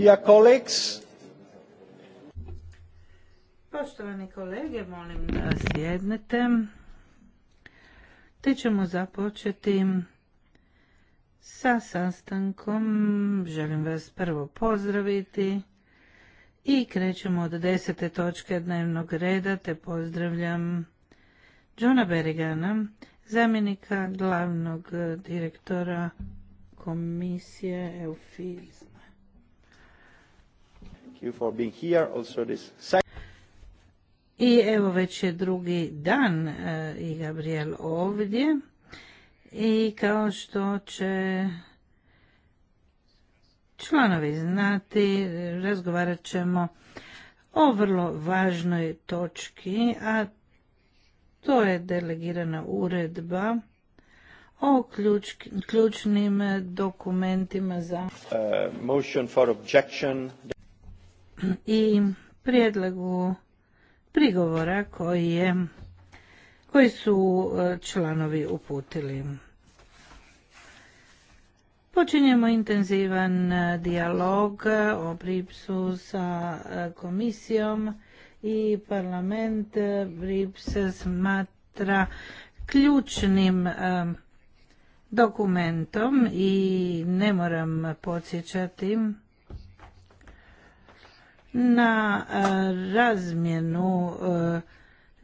Dear colleagues, Poštovani kolege, molim da sjednete. Te ćemo započeti sa sastankom. Želim vas prvo pozdraviti i krećemo od desete točke dnevnog reda, te pozdravljam Johna Berigana, zamjenika glavnog direktora komisije Eufizma. I evo već je drugi dan e, i Gabriel ovdje i kao što će članovi znati, e, razgovarat ćemo o vrlo važnoj točki, a to je delegirana uredba o ključnim dokumentima za... Uh, i prijedlogu prigovora koji je koji su e, članovi uputili. Počinjemo intenzivan e, dijalog e, o pripsu sa komisijom i parlament BRIPS smatra ključnim dokumentom i ne moram podsjećati na e, razmjenu e,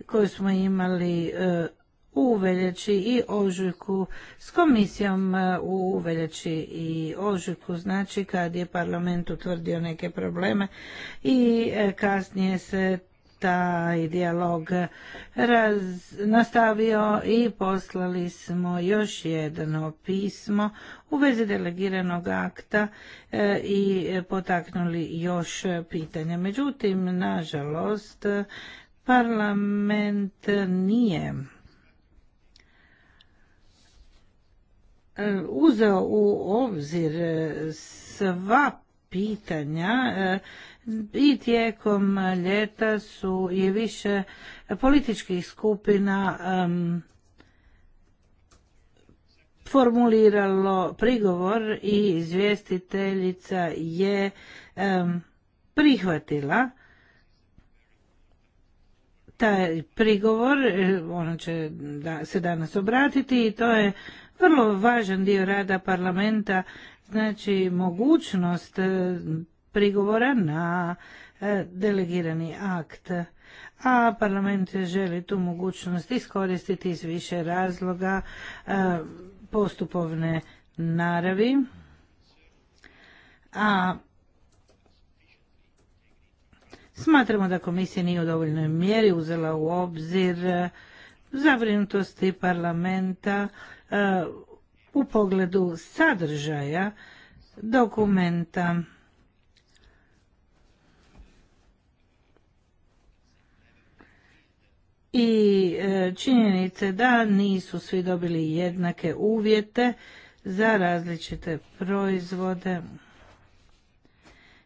koju smo imali e, u veljači i ožujku s komisijom u veljači i ožujku znači kad je parlament utvrdio neke probleme i kasnije se taj dijalog nastavio i poslali smo još jedno pismo u vezi delegiranog akta e, i potaknuli još pitanja. Međutim, nažalost, parlament nije e, uzeo u obzir sva pitanja e, i tijekom ljeta su i više političkih skupina formuliralo prigovor i izvjestiteljica je prihvatila taj prigovor, ona će da, se danas obratiti i to je vrlo važan dio rada parlamenta, znači mogućnost prigovora na e, delegirani akt a parlament želi tu mogućnost iskoristiti iz više razloga e, postupovne naravi a smatramo da komisija nije u dovoljnoj mjeri uzela u obzir zabrinutosti parlamenta e, u pogledu sadržaja dokumenta i e, činjenice da nisu svi dobili jednake uvjete za različite proizvode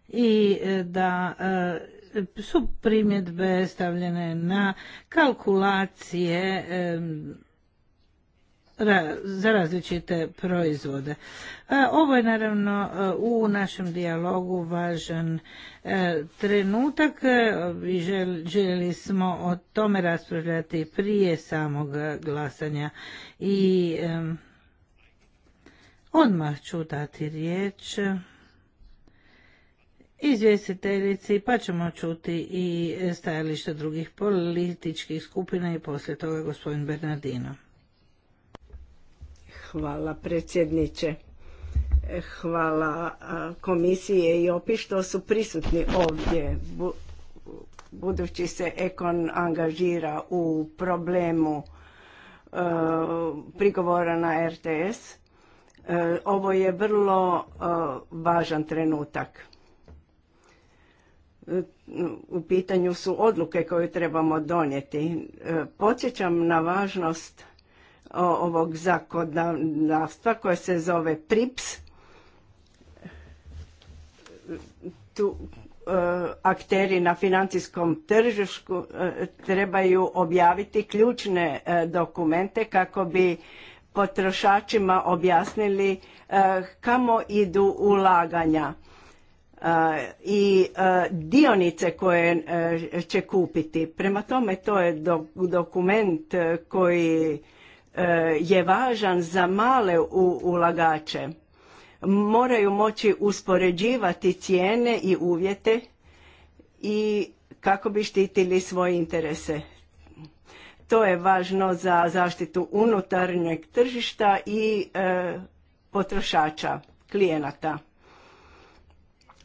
i e, da e, su primjedbe stavljene na kalkulacije za različite proizvode. E, ovo je naravno e, u našem dijalogu važan e, trenutak i željeli smo o tome raspravljati prije samog glasanja i odmah ću dati riječ izvjestiteljici, pa ćemo čuti i stajališta drugih političkih skupina i poslije toga gospodin Bernardino. Hvala predsjedniče. Hvala komisije i opi što su prisutni ovdje. Budući se Ekon angažira u problemu e, prigovora na RTS, e, ovo je vrlo e, važan trenutak. U pitanju su odluke koje trebamo donijeti. Podsjećam na važnost ovog zakonodavstva koje se zove PRIPS. Tu e, akteri na financijskom tržišku e, trebaju objaviti ključne e, dokumente kako bi potrošačima objasnili kamo idu ulaganja i dionice koje će kupiti. Prema tome to je dokument koji E, je važan za male ulagače. Moraju moći uspoređivati cijene i uvjete i kako bi štitili svoje interese. To je važno za zaštitu unutarnjeg tržišta i e, potrošača, klijenata.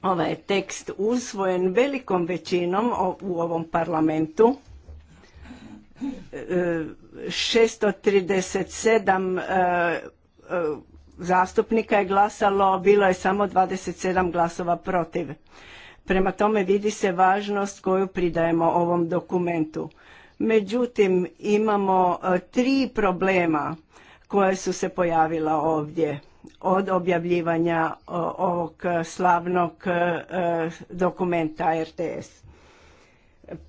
Ovaj je tekst usvojen velikom većinom u ovom parlamentu 637 e, e, zastupnika je glasalo, bilo je samo 27 glasova protiv. Prema tome vidi se važnost koju pridajemo ovom dokumentu. Međutim, imamo e, tri problema koje su se pojavila ovdje od objavljivanja ovog slavnog dokumenta RTS.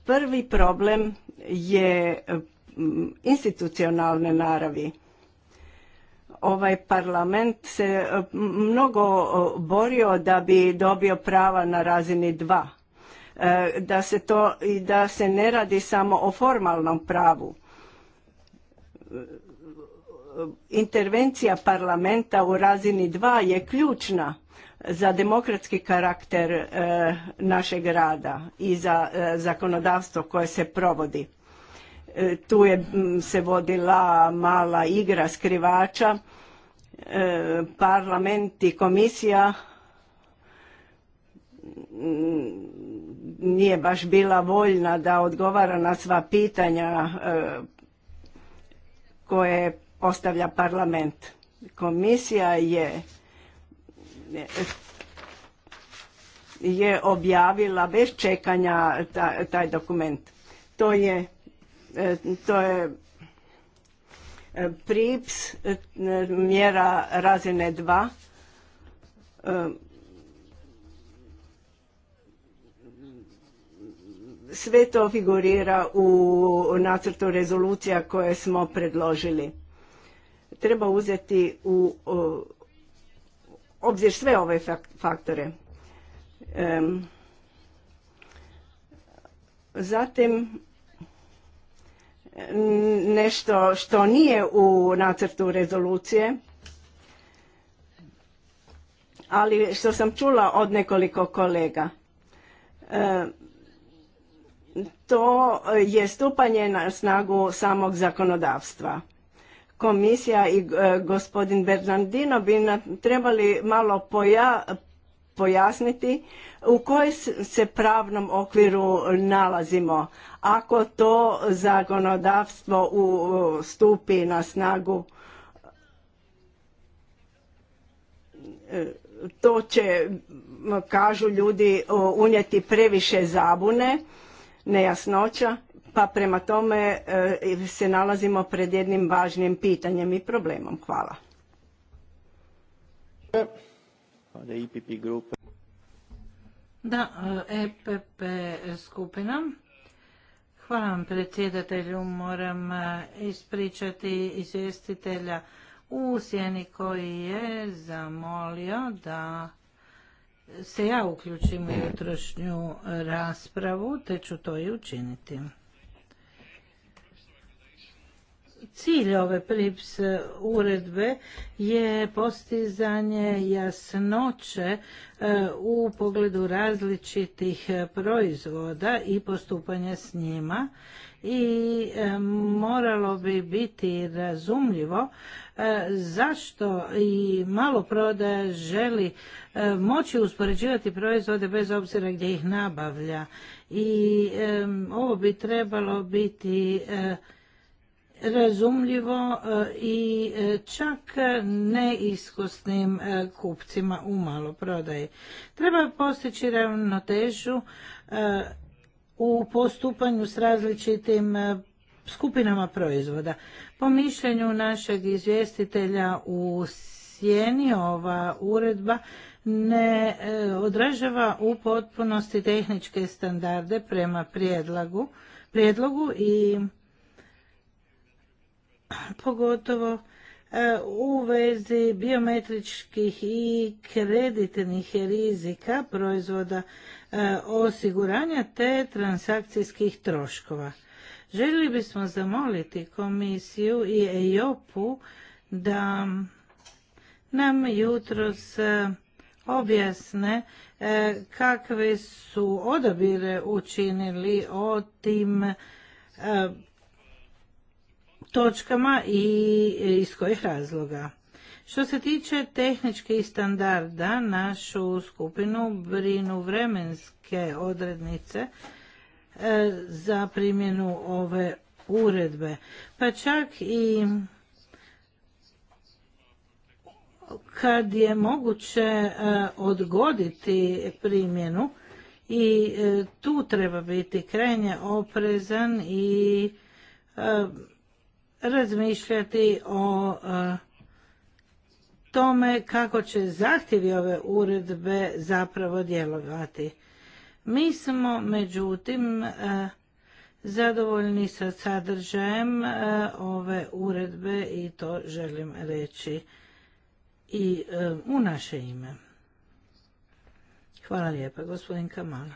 Prvi problem je institucionalne naravi. Ovaj parlament se mnogo borio da bi dobio prava na razini dva. E, da se to i da se ne radi samo o formalnom pravu. Intervencija parlamenta u razini dva je ključna za demokratski karakter e, našeg rada i za e, zakonodavstvo koje se provodi. E, tu je se vodila mala igra skrivača, parlament i komisija nije baš bila voljna da odgovara na sva pitanja koje postavlja parlament. Komisija je je objavila bez čekanja taj dokument. To je, e, to je e, PRIPS e, mjera razine 2 sve to figurira u nacrtu rezolucija koje smo predložili. Treba uzeti u obzir sve ove faktore. Zatim, nešto što nije u nacrtu rezolucije, ali što sam čula od nekoliko kolega. To je stupanje na snagu samog zakonodavstva. Komisija i e, gospodin Bernardino bi nam trebali malo poja, pojasniti u kojem se pravnom okviru nalazimo. Ako to zakonodavstvo u, stupi na snagu, e, to će, kažu ljudi, unijeti previše zabune, nejasnoća pa prema tome e, se nalazimo pred jednim važnim pitanjem i problemom. Hvala. E da, EPP e skupina. Hvala vam predsjedatelju, moram ispričati izvjestitelja u sjeni koji je zamolio da se ja uključim u jutrošnju raspravu, te ću to i učiniti. Cilj ove PRIPS e, uredbe je postizanje jasnoće e, u pogledu različitih e, proizvoda i postupanja s njima i moralo bi biti razumljivo zašto i malo prodaja želi moći uspoređivati proizvode bez obzira gdje ih nabavlja i ovo bi trebalo biti razumljivo e, i e, čak neiskusnim e, kupcima u maloprodaji. Treba postići ravnotežu u postupanju s različitim skupinama proizvoda. Po mišljenju našeg izvjestitelja u sjeni ova uredba ne odražava u potpunosti tehničke standarde prema prijedlogu, prijedlogu i pogotovo e, u vezi biometričkih i kreditnih rizika proizvoda e, osiguranja te transakcijskih troškova. Željeli bismo zamoliti komisiju i EIOP-u da nam jutros e, objasne kakve su odabire učinili o tim točkama i iz kojih razloga. Što se tiče tehničkih standarda, našu skupinu brinu vremenske odrednice e, za primjenu ove uredbe. Pa čak i kad je moguće e, odgoditi primjenu i e, tu treba biti krajnje oprezan i razmišljati o e, tome kako će zahtjevi ove uredbe zapravo djelovati. Mi smo međutim e, zadovoljni sa sadržajem e, ove uredbe i to želim reći i u naše ime. Hvala lijepa, gospodin Kamala.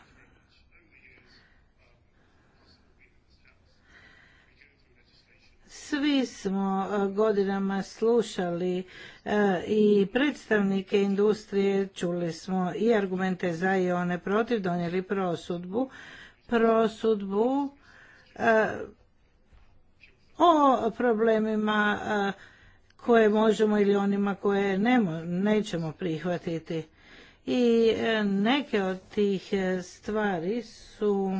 Svi smo e, godinama slušali e, i predstavnike industrije, čuli smo i argumente za i one protiv, donijeli prosudbu. Prosudbu e, o problemima koje možemo ili onima koje nećemo prihvatiti. I neke od tih stvari su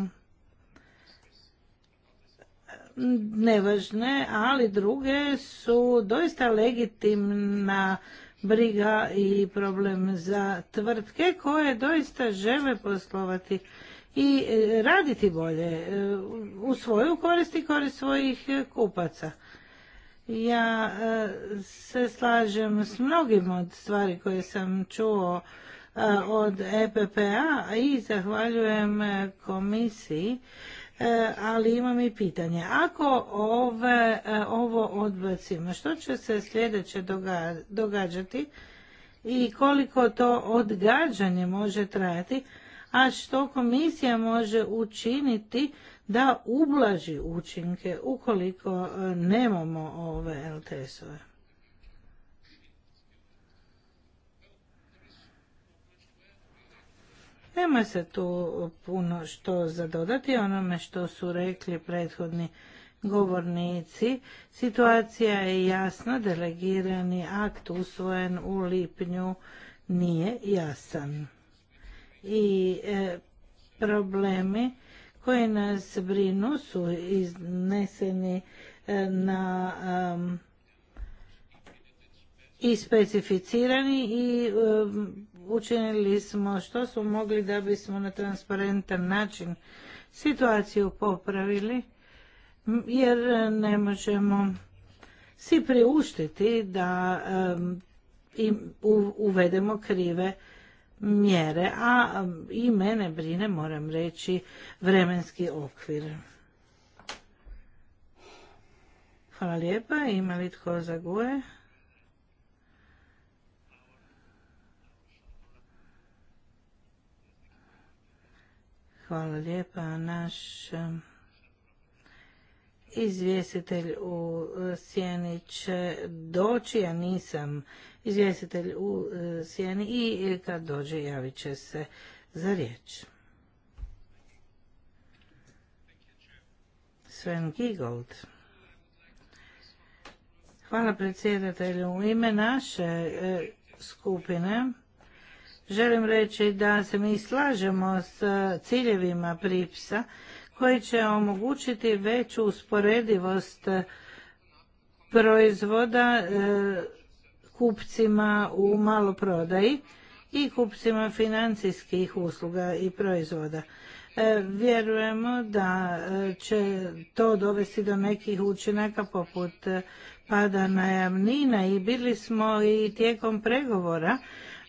nevažne, ali druge su doista legitimna briga i problem za tvrtke koje doista žele poslovati i e, raditi bolje e, u svoju korist i korist svojih kupaca. Ja e, se slažem s mnogim od stvari koje sam čuo od EPPA i zahvaljujem komisiji E, ali imam i pitanje. Ako ove, e, ovo odbacimo, što će se sljedeće događati i koliko to odgađanje može trajati, a što komisija može učiniti da ublaži učinke ukoliko e, nemamo ove LTS-ove? Nema se tu puno što zadodati onome što su rekli prethodni govornici. Situacija je jasna, delegirani akt usvojen u lipnju nije jasan. I e, problemi koji nas brinu su izneseni e, na i specificirani i um, učinili smo što smo mogli da bismo na transparentan način situaciju popravili jer ne možemo si priuštiti da um, uvedemo krive mjere, a um, i mene brine, moram reći, vremenski okvir. Hvala lijepa, ima li tko za Hvala lijepa. Naš izvjestitelj u e, sjeni će doći, ja nisam izvjestitelj u e, sjeni i e, kad dođe javit će se za riječ. Sven Gigold. Hvala predsjedatelju. U ime naše skupine Želim reći da se mi slažemo s e, ciljevima pripsa koji će omogućiti veću usporedivost e, proizvoda e, kupcima u maloprodaji i kupcima financijskih usluga i proizvoda. Vjerujemo da će to dovesti do nekih učinaka poput pada najamnina i bili smo i tijekom pregovora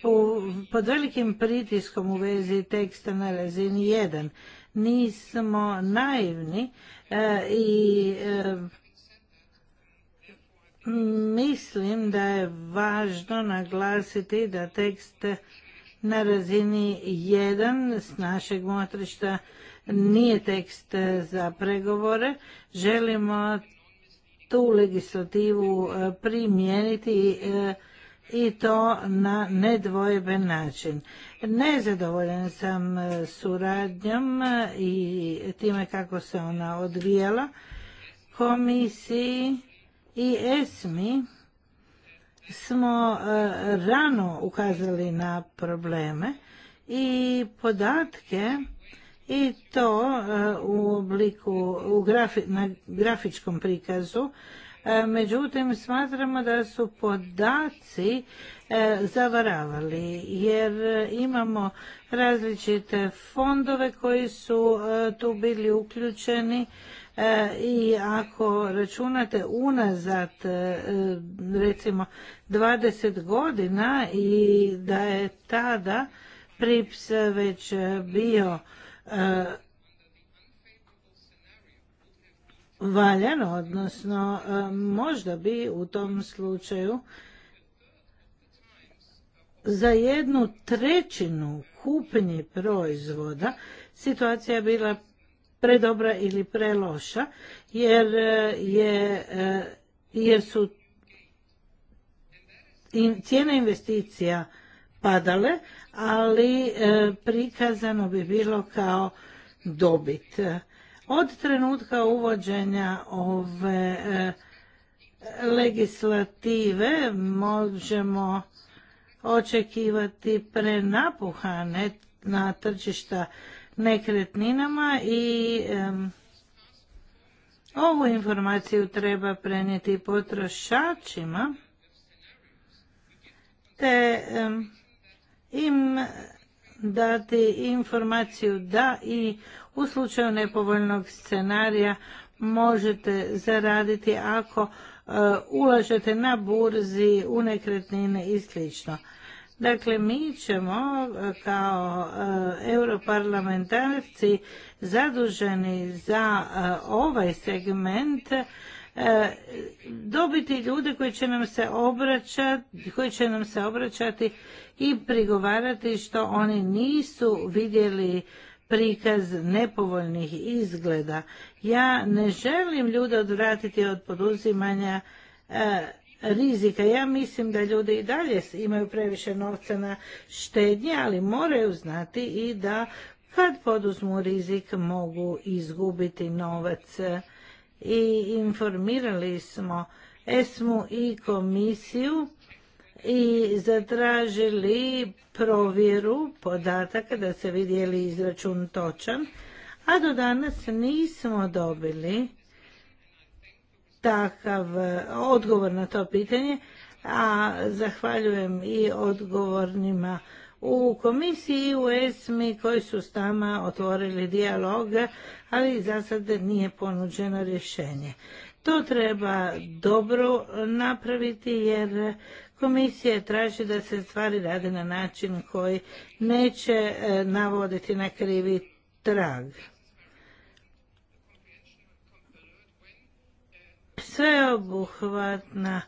u, pod velikim pritiskom u vezi teksta na razini 1. Nismo naivni e, i e, mislim da je važno naglasiti da tekst na razini 1 s našeg motrišta nije tekst za pregovore. Želimo tu legislativu e, primijeniti e, i to na nedvojben način. Nezadovoljen sam e, suradnjom e, i time kako se ona odvijela komisiji i ESMI smo e, rano ukazali na probleme i podatke i to u obliku u na grafičkom prikazu E, međutim smatramo da su podaci e, zavaravali jer e, imamo različite fondove koji su tu bili uključeni i ako računate unazad recimo 20 godina i da je tada PRIPS već bio valjano, odnosno e, možda bi u tom slučaju za jednu trećinu kupnje proizvoda situacija bila predobra ili preloša jer e, je e, jer su cijene investicija padale ali prikazano bi bilo kao dobit od trenutka uvođenja ove e, legislative možemo očekivati prenapuhane na tržišta nekretninama i ovu informaciju treba prenijeti potrošačima te im dati informaciju da i u slučaju nepovoljnog scenarija možete zaraditi ako e, ulažete na burzi u nekretnine i slično. Dakle, mi ćemo e, kao e, europarlamentarci zaduženi za ovaj segment dobiti ljude koji će nam se obraćati, koji će nam se obraćati i prigovarati što oni nisu vidjeli prikaz nepovoljnih izgleda. Ja ne želim ljude odvratiti od poduzimanja e, rizika. Ja mislim da ljudi i dalje imaju previše novca na štednje, ali moraju znati i da kad poduzmu rizik mogu izgubiti novac. I informirali smo ESMU i komisiju i zatražili provjeru podataka da se vidjeli je izračun točan, a do danas nismo dobili takav e, odgovor na to pitanje, a zahvaljujem i odgovornima u komisiji i u ESMI koji su s nama otvorili dijalog, ali za sad nije ponuđeno rješenje. To treba dobro napraviti jer Komisija traži da se stvari rade na način koji neće e, navoditi na krivi trag. Sveobuhvatna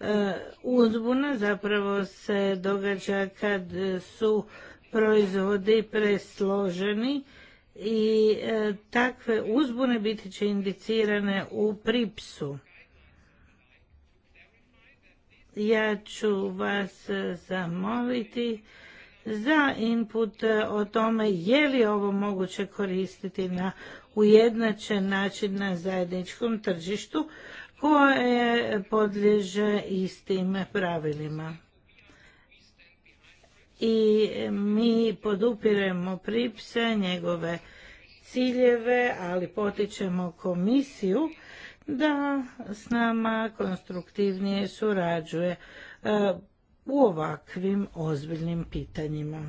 e, uzbuna zapravo se događa kad su proizvodi presloženi i e, takve uzbune biti će indicirane u pripsu ja ću vas zamoliti za input o tome je li ovo moguće koristiti na ujednačen način na zajedničkom tržištu koje podliježe istim pravilima. I mi podupiremo pripse, njegove ciljeve, ali potičemo komisiju da s nama konstruktivnije surađuje e, u ovakvim ozbiljnim pitanjima.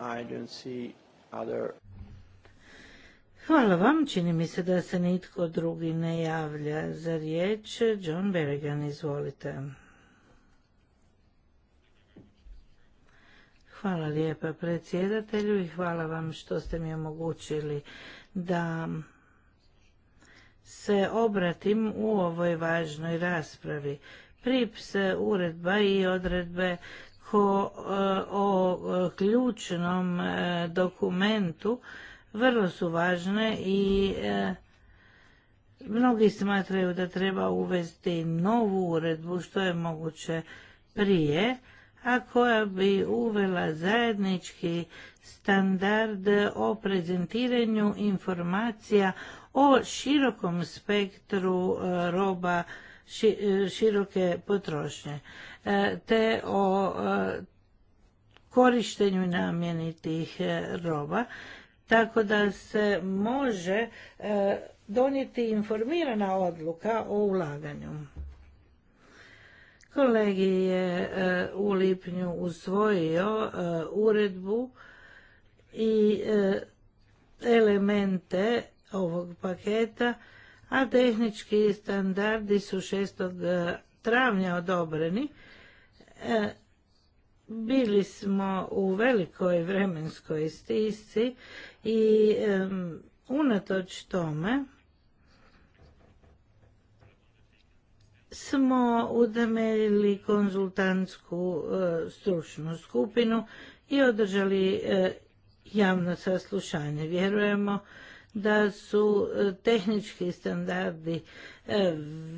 I don't Hvala vam, čini mi se da se nitko drugi ne javlja za riječ. John Berrigan, izvolite. Hvala lijepa predsjedatelju i hvala vam što ste mi omogućili da se obratim u ovoj važnoj raspravi. Pripse uredba i odredbe ko, e, o e, ključnom e, dokumentu vrlo su važne i mnogi smatraju da treba uvesti novu uredbu što je moguće prije, a koja bi uvela zajednički standard o prezentiranju informacija o širokom spektru e, roba e, široke potrošnje, e, te o korištenju namjeni tih roba, tako da se može donijeti informirana odluka o ulaganju. Kolegi je u lipnju usvojio uredbu i elemente ovog paketa, a tehnički standardi su 6. E, travnja odobreni. E, bili smo u velikoj vremenskoj stisci i unatoč tome smo udemeljili konzultantsku e, stručnu skupinu i održali javno saslušanje. Vjerujemo da su e, tehnički standardi e,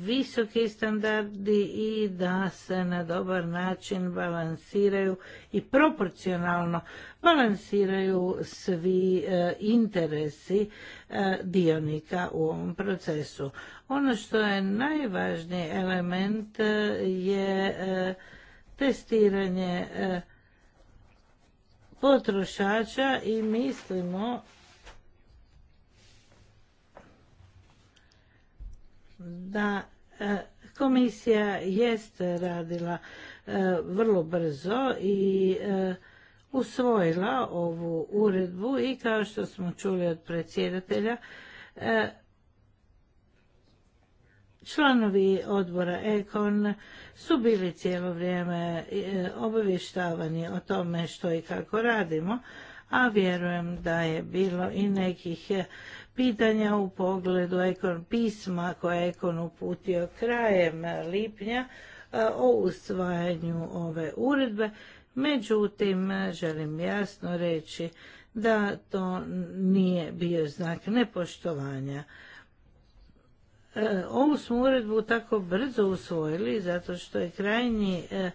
visoki standardi i da se na dobar način balansiraju i proporcionalno balansiraju svi e, interesi dionika u ovom procesu. Ono što je najvažniji element je testiranje potrošača i mislimo da e, komisija jest radila e, vrlo brzo i e, usvojila ovu uredbu i kao što smo čuli od predsjedatelja Članovi odbora Ekon su bili cijelo vrijeme obavještavani o tome što i kako radimo, a vjerujem da je bilo i nekih pitanja u pogledu ekon pisma koje je ekon uputio krajem lipnja o usvajanju ove uredbe. Međutim, želim jasno reći da to nije bio znak nepoštovanja. E, ovu smo uredbu tako brzo usvojili zato što je krajnji e,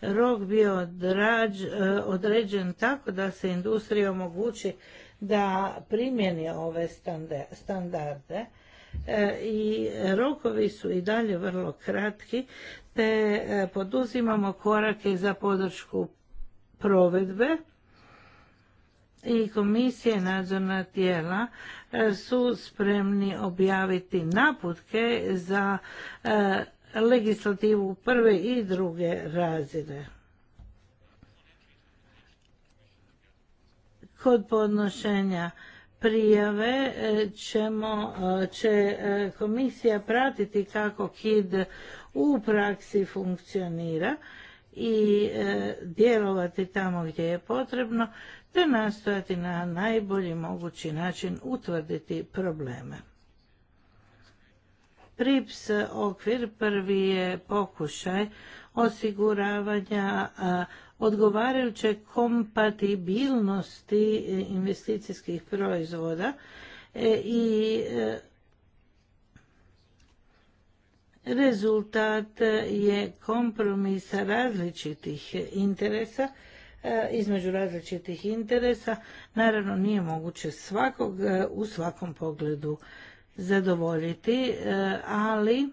rok bio e, određen tako da se industrija omogući da primjeni ove standarde e, i rokovi su i dalje vrlo kratki te e, poduzimamo korake za podršku provedbe i komisije nadzorna tijela e, su spremni objaviti naputke za legislativu prve i druge razine. kod podnošenja prijave e, ćemo, e, će e, komisija pratiti kako KID u praksi funkcionira i djelovati tamo gdje je potrebno, te nastojati na najbolji mogući način utvrditi probleme. PRIPS okvir prvi je pokušaj osiguravanja odgovarajuće kompatibilnosti e, investicijskih proizvoda e, i e, rezultat je kompromisa različitih interesa između različitih interesa naravno nije moguće svakog u svakom pogledu zadovoljiti ali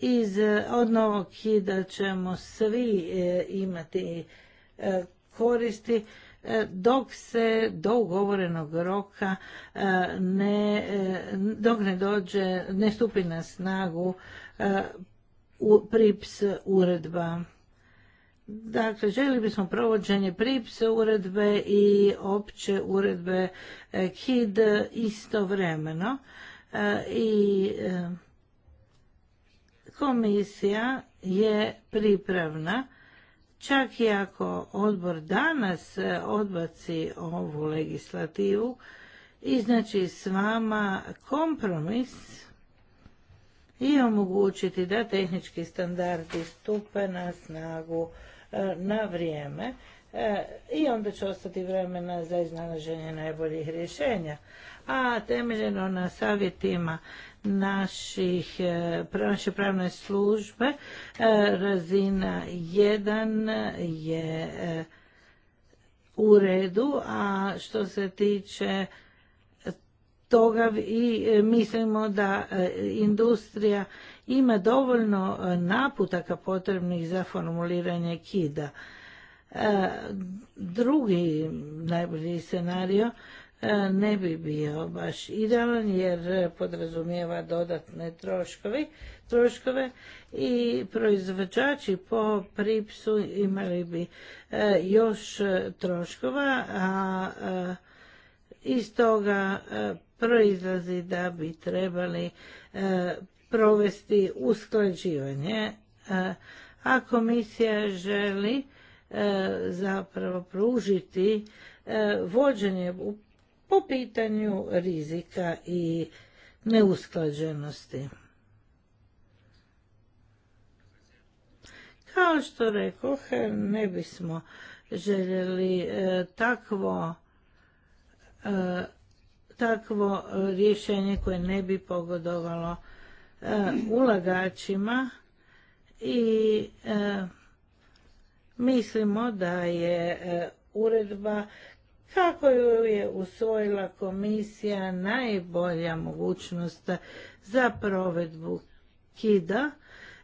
iz, e, od novog hida ćemo svi e, imati e, koristi dok se do ugovorenog roka ne, dok ne dođe, ne stupi na snagu PRIPS uredba. Dakle, želi bismo provođenje PRIPS uredbe i opće uredbe KID istovremeno i komisija je pripravna, čak i ako odbor danas e, odbaci ovu legislativu, znači s vama kompromis i omogućiti da tehnički standardi stupe na snagu e, na vrijeme e, i onda će ostati vremena za iznalaženje najboljih rješenja. A temeljeno na savjetima naših, e, naše pravne službe. E, razina 1 je e, u redu, a što se tiče toga i mislimo da industrija ima dovoljno naputaka potrebnih za formuliranje kida. Drugi najbolji scenario E, ne bi bio baš idealan jer podrazumijeva dodatne troškovi, troškove i proizvođači po pripsu imali bi e, još troškova, a e, iz toga proizlazi da bi trebali provesti usklađivanje, a komisija želi zapravo pružiti vođenje po pitanju rizika i neusklađenosti. Kao što reko, ne bismo željeli e, takvo e, takvo rješenje koje ne bi pogodovalo e, ulagačima i mislimo da je uredba kako ju je usvojila komisija najbolja mogućnost za provedbu kida,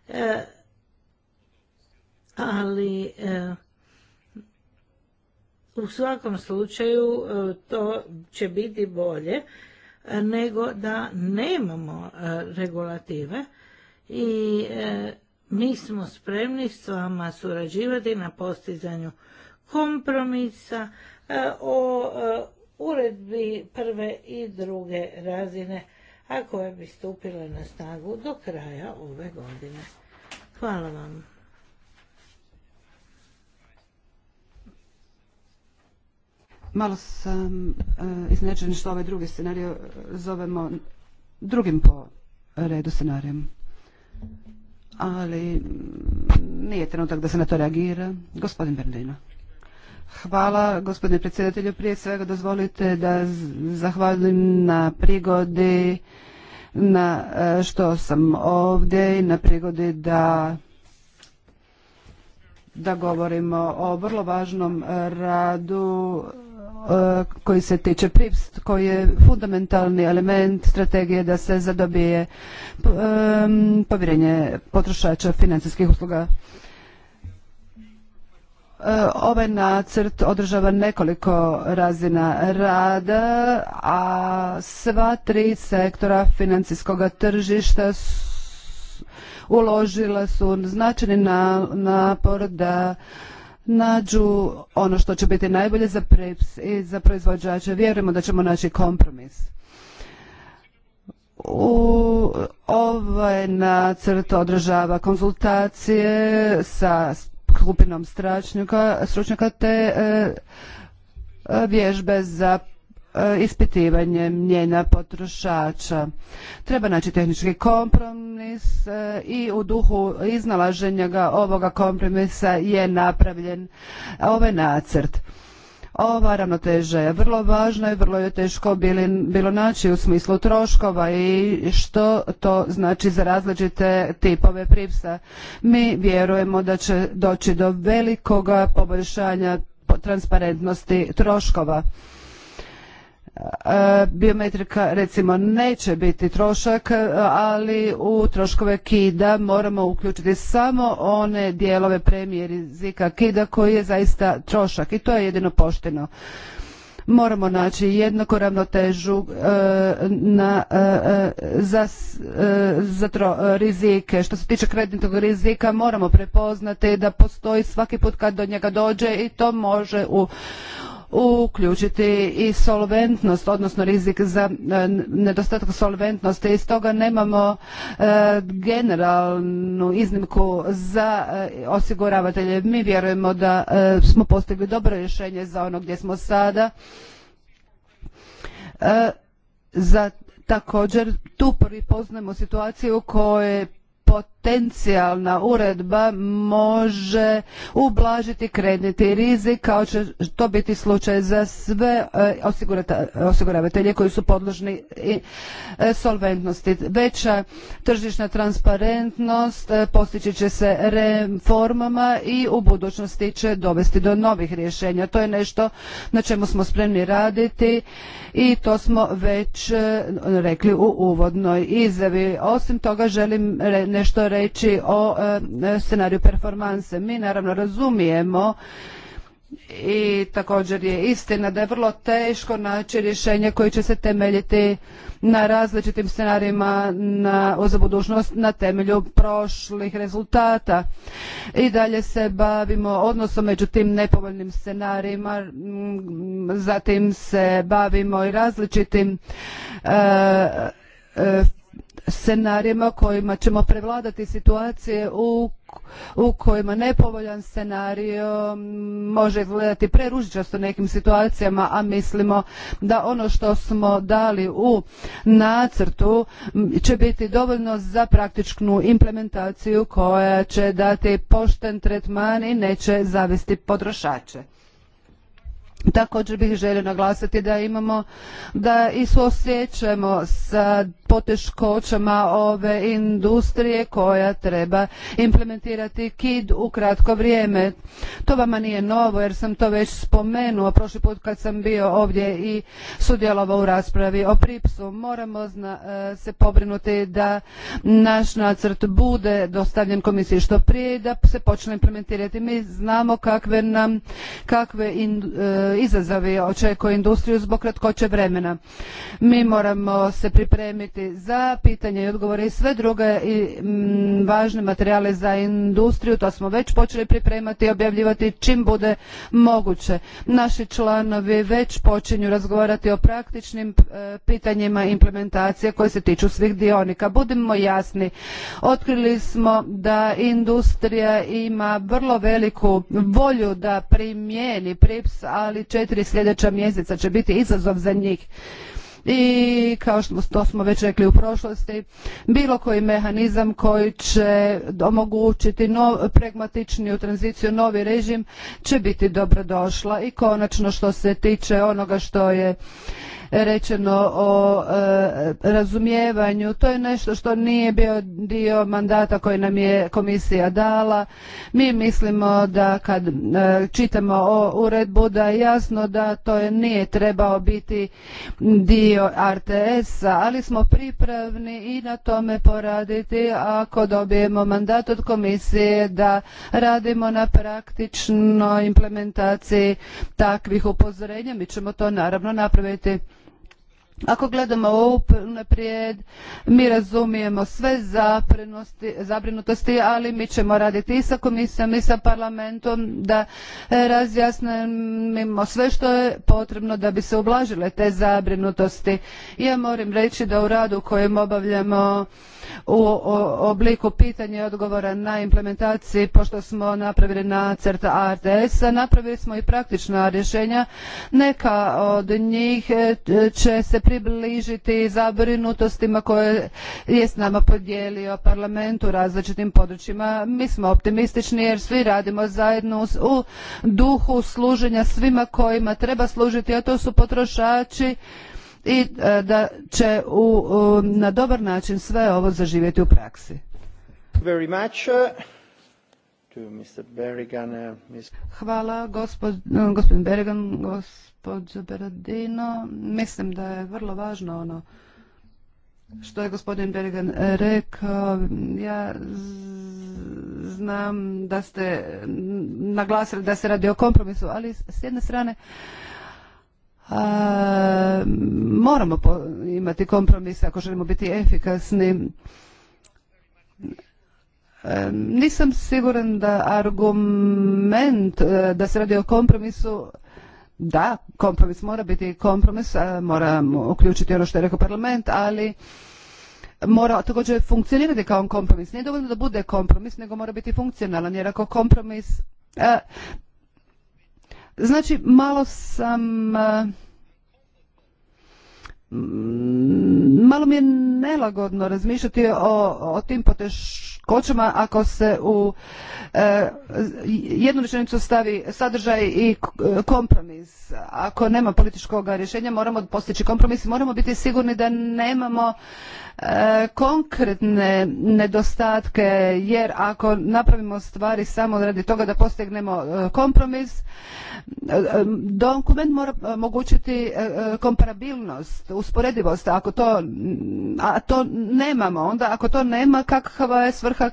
e, ali e, u svakom slučaju e, to će biti bolje nego da nemamo regulative i mi smo spremni s vama surađivati na postizanju kompromisa, E, o e, uredbi prve i druge razine, a koja bi stupila na snagu do kraja ove godine. Hvala vam. Malo sam e, iznečen što ovaj drugi scenarij zovemo drugim po redu scenarijem. Ali mm, nije trenutak da se na to reagira. Gospodin Bernardino. Hvala gospodine predsjedatelju. Prije svega dozvolite da zahvalim na prigodi na e, što sam ovdje i na prigodi da da govorimo o vrlo važnom radu e, koji se tiče PRIPS, koji je fundamentalni element strategije da se zadobije povjerenje potrošača financijskih usluga. E, ovaj nacrt održava nekoliko razina rada, a sva tri sektora financijskog tržišta uložila su značajni napor da nađu ono što će biti najbolje za preps i za proizvođače. Vjerujemo da ćemo naći kompromis. U ovaj nacrt održava konzultacije sa skupinom stručnjaka te e, e, vježbe za e, ispitivanje mnjenja potrošača. Treba naći tehnički kompromis i u duhu iznalaženja ovoga kompromisa je napravljen ovaj nacrt. Ova ravnoteža je vrlo važna i vrlo je teško bilo naći u smislu troškova i što to znači za različite tipove pripsa. Mi vjerujemo da će doći do velikoga poboljšanja transparentnosti troškova. E, biometrika recimo neće biti trošak, e, ali u troškove KIDA moramo uključiti samo one dijelove premije rizika KIDA koji je zaista trošak i to je jedino pošteno. Moramo naći jednako ravnotežu e, za, rizike. Što se tiče kreditnog rizika moramo prepoznati da postoji svaki put kad do njega dođe i to može u uključiti i solventnost, odnosno rizik za e, nedostatak solventnosti i stoga nemamo e, generalnu iznimku za e, osiguravatelje. Mi vjerujemo da smo postigli dobro rješenje za ono gdje smo sada. Za također tu poznajemo situaciju koje potencijalna uredba može ublažiti kreditni rizik kao će to biti slučaj za sve e, osiguravatelje koji su podložni e, solventnosti. Veća tržišna transparentnost e, postići će se reformama i u budućnosti će dovesti do novih rješenja. To je nešto na čemu smo spremni raditi i to smo već rekli u uvodnoj izjavi. Osim toga želim nešto nešto reći o e, scenariju performanse. Mi naravno razumijemo i također je istina da je vrlo teško naći rješenje koje će se temeljiti na različitim scenarijima na, za budućnost na temelju prošlih rezultata. I dalje se bavimo odnosom među tim nepovoljnim scenarijima, zatim se bavimo i različitim e, e, scenarijima kojima ćemo prevladati situacije u, kojima nepovoljan scenario um, može izgledati preružičasto nekim situacijama, a mislimo da ono što smo dali u nacrtu će biti dovoljno za praktičnu implementaciju koja će dati pošten tretman i neće zavesti potrošače. Također bih želio naglasiti da imamo, da i suosjećamo sa poteškoćama ove industrije koja treba implementirati KID u kratko vrijeme. To vama nije novo jer sam to već spomenuo prošli put kad sam bio ovdje i sudjelovao u raspravi o Pripsu. Moramo e, se pobrinuti da naš nacrt bude dostavljen komisiji što prije i da se počne implementirati. Mi znamo kakve nam, kakve e, izazovi očekuje industriju zbog kratkoće vremena. Mi moramo se pripremiti za pitanje i odgovore i sve druge i mm, važne materijale za industriju. To smo već počeli pripremati i objavljivati čim bude moguće. Naši članovi već počinju razgovarati o praktičnim e, pitanjima implementacije koje se tiču svih dionika. Budimo jasni, otkrili smo da industrija ima vrlo veliku volju da primijeni PRIPS, ali četiri sljedeća mjeseca će biti izazov za njih i kao što smo već rekli u prošlosti bilo koji mehanizam koji će omogućiti no, pragmatičniju tranziciju novi režim će biti dobrodošla i konačno što se tiče onoga što je rečeno o e, razumijevanju. To je nešto što nije bio dio mandata koji nam je komisija dala. Mi mislimo da kad e, čitamo o uredbu da je jasno da to nije trebao biti dio RTS-a, ali smo pripravni i na tome poraditi ako dobijemo mandat od komisije da radimo na praktičnoj implementaciji takvih upozorenja. Mi ćemo to naravno napraviti. Ako gledamo naprijed, mi razumijemo sve zabrinutosti, ali mi ćemo raditi i sa komisijom i sa parlamentom da e, razjasnimo sve što je potrebno da bi se ublažile te zabrinutosti. Ja moram reći da u radu kojem obavljamo u obliku pitanja i odgovora na implementaciji, pošto smo napravili nacrt ARTS-a, napravili smo i praktična rješenja. Neka od njih e, će se približiti zabrinutostima koje je s nama podijelio parlament u različitim područjima. Mi smo optimistični jer svi radimo zajedno u duhu služenja svima kojima treba služiti, a to su potrošači i e, da će u, na dobar način sve ovo zaživjeti u praksi. Uh, uh, Hvala gospodin Berrigan, gospodin gospođo Beradino. Mislim da je vrlo važno ono što je gospodin bergen rekao. Ja znam da ste naglasili da se radi o kompromisu, ali s jedne strane a, moramo imati kompromis ako želimo biti efikasni. E, nisam siguran da argument e, da se radi o kompromisu da, kompromis mora biti kompromis, mora uključiti ono što je rekao parlament, ali mora također funkcionirati kao kompromis. Nije dovoljno da bude kompromis, nego mora biti funkcionalan, jer ako kompromis... znači, malo sam... malo mi je nelagodno razmišljati o, o tim poteškoćama poteškoćama ako se u e, jednu rečenicu stavi sadržaj i e, kompromis. Ako nema političkog rješenja moramo postići kompromis i moramo biti sigurni da nemamo e, konkretne nedostatke jer ako napravimo stvari samo radi toga da postignemo kompromis dokument mora omogućiti komparabilnost, usporedivost. Ako to, a to nemamo, onda ako to nema kakva je svrha svrha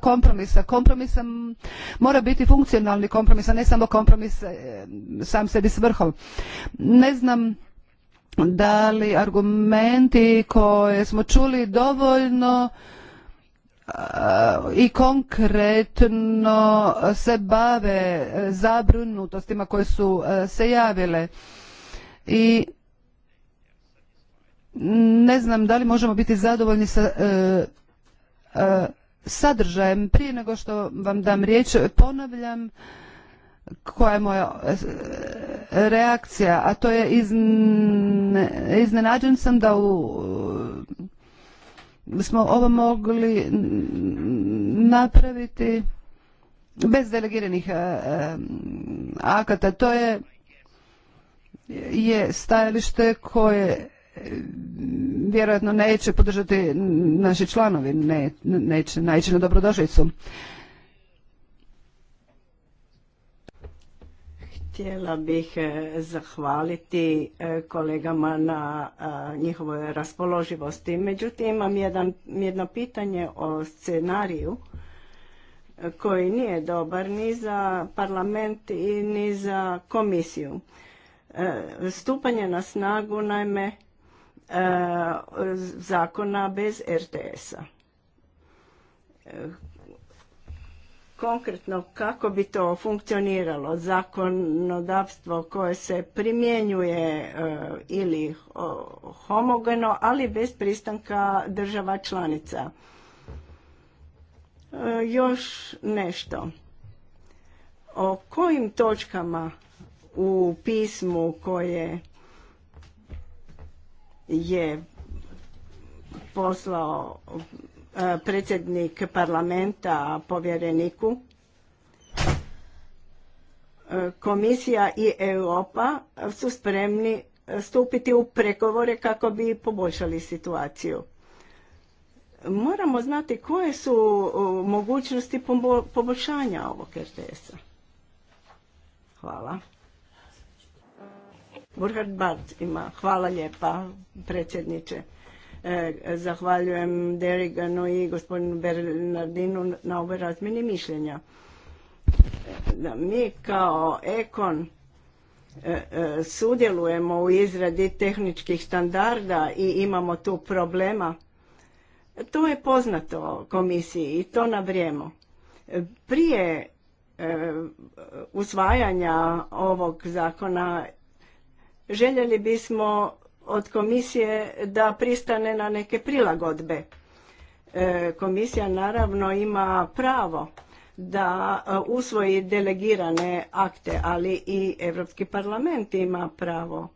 kompromisa. mora biti funkcionalni kompromis, a ne samo kompromis e, sam sebi svrhom. Ne znam da li argumenti koje smo čuli dovoljno e, i konkretno se bave zabrinutostima koje su e, se javile i ne znam da li možemo biti zadovoljni sa sadržajem. Prije nego što vam dam riječ, ponavljam koja je moja e, reakcija, a to je izne, iznenađen sam da u, smo ovo mogli napraviti bez delegiranih e, e, akata. To je, je stajalište koje vjerojatno neće podržati naši članovi, ne, neće naići na dobrodošlicu. Htjela bih e, zahvaliti e, kolegama na e, njihovoj raspoloživosti. Međutim, imam jedno pitanje o scenariju koji nije dobar ni za parlament i ni za komisiju. Stupanje na snagu, naime, E, zakona bez RTS-a. E, konkretno kako bi to funkcioniralo, zakonodavstvo koje se primjenjuje e, ili homogeno, ali bez pristanka država članica. Još nešto. O kojim točkama u pismu koje je poslao e, predsjednik parlamenta povjereniku e, komisija i Europa su spremni stupiti u pregovore kako bi poboljšali situaciju. Moramo znati koje su e, mogućnosti poboljšanja ovog RTS-a. Hvala. Burhard Bat ima. Hvala lijepa, predsjedniče. E, zahvaljujem Deriganu i gospodinu Bernardinu na ovoj razmjeni mišljenja. E, mi kao ekon e, sudjelujemo u izradi tehničkih standarda i imamo tu problema. To je poznato komisiji i to na Prije usvajanja ovog zakona Željeli bismo od komisije da pristane na neke prilagodbe. E, komisija naravno ima pravo da e, usvoji delegirane akte, ali i Europski parlament ima pravo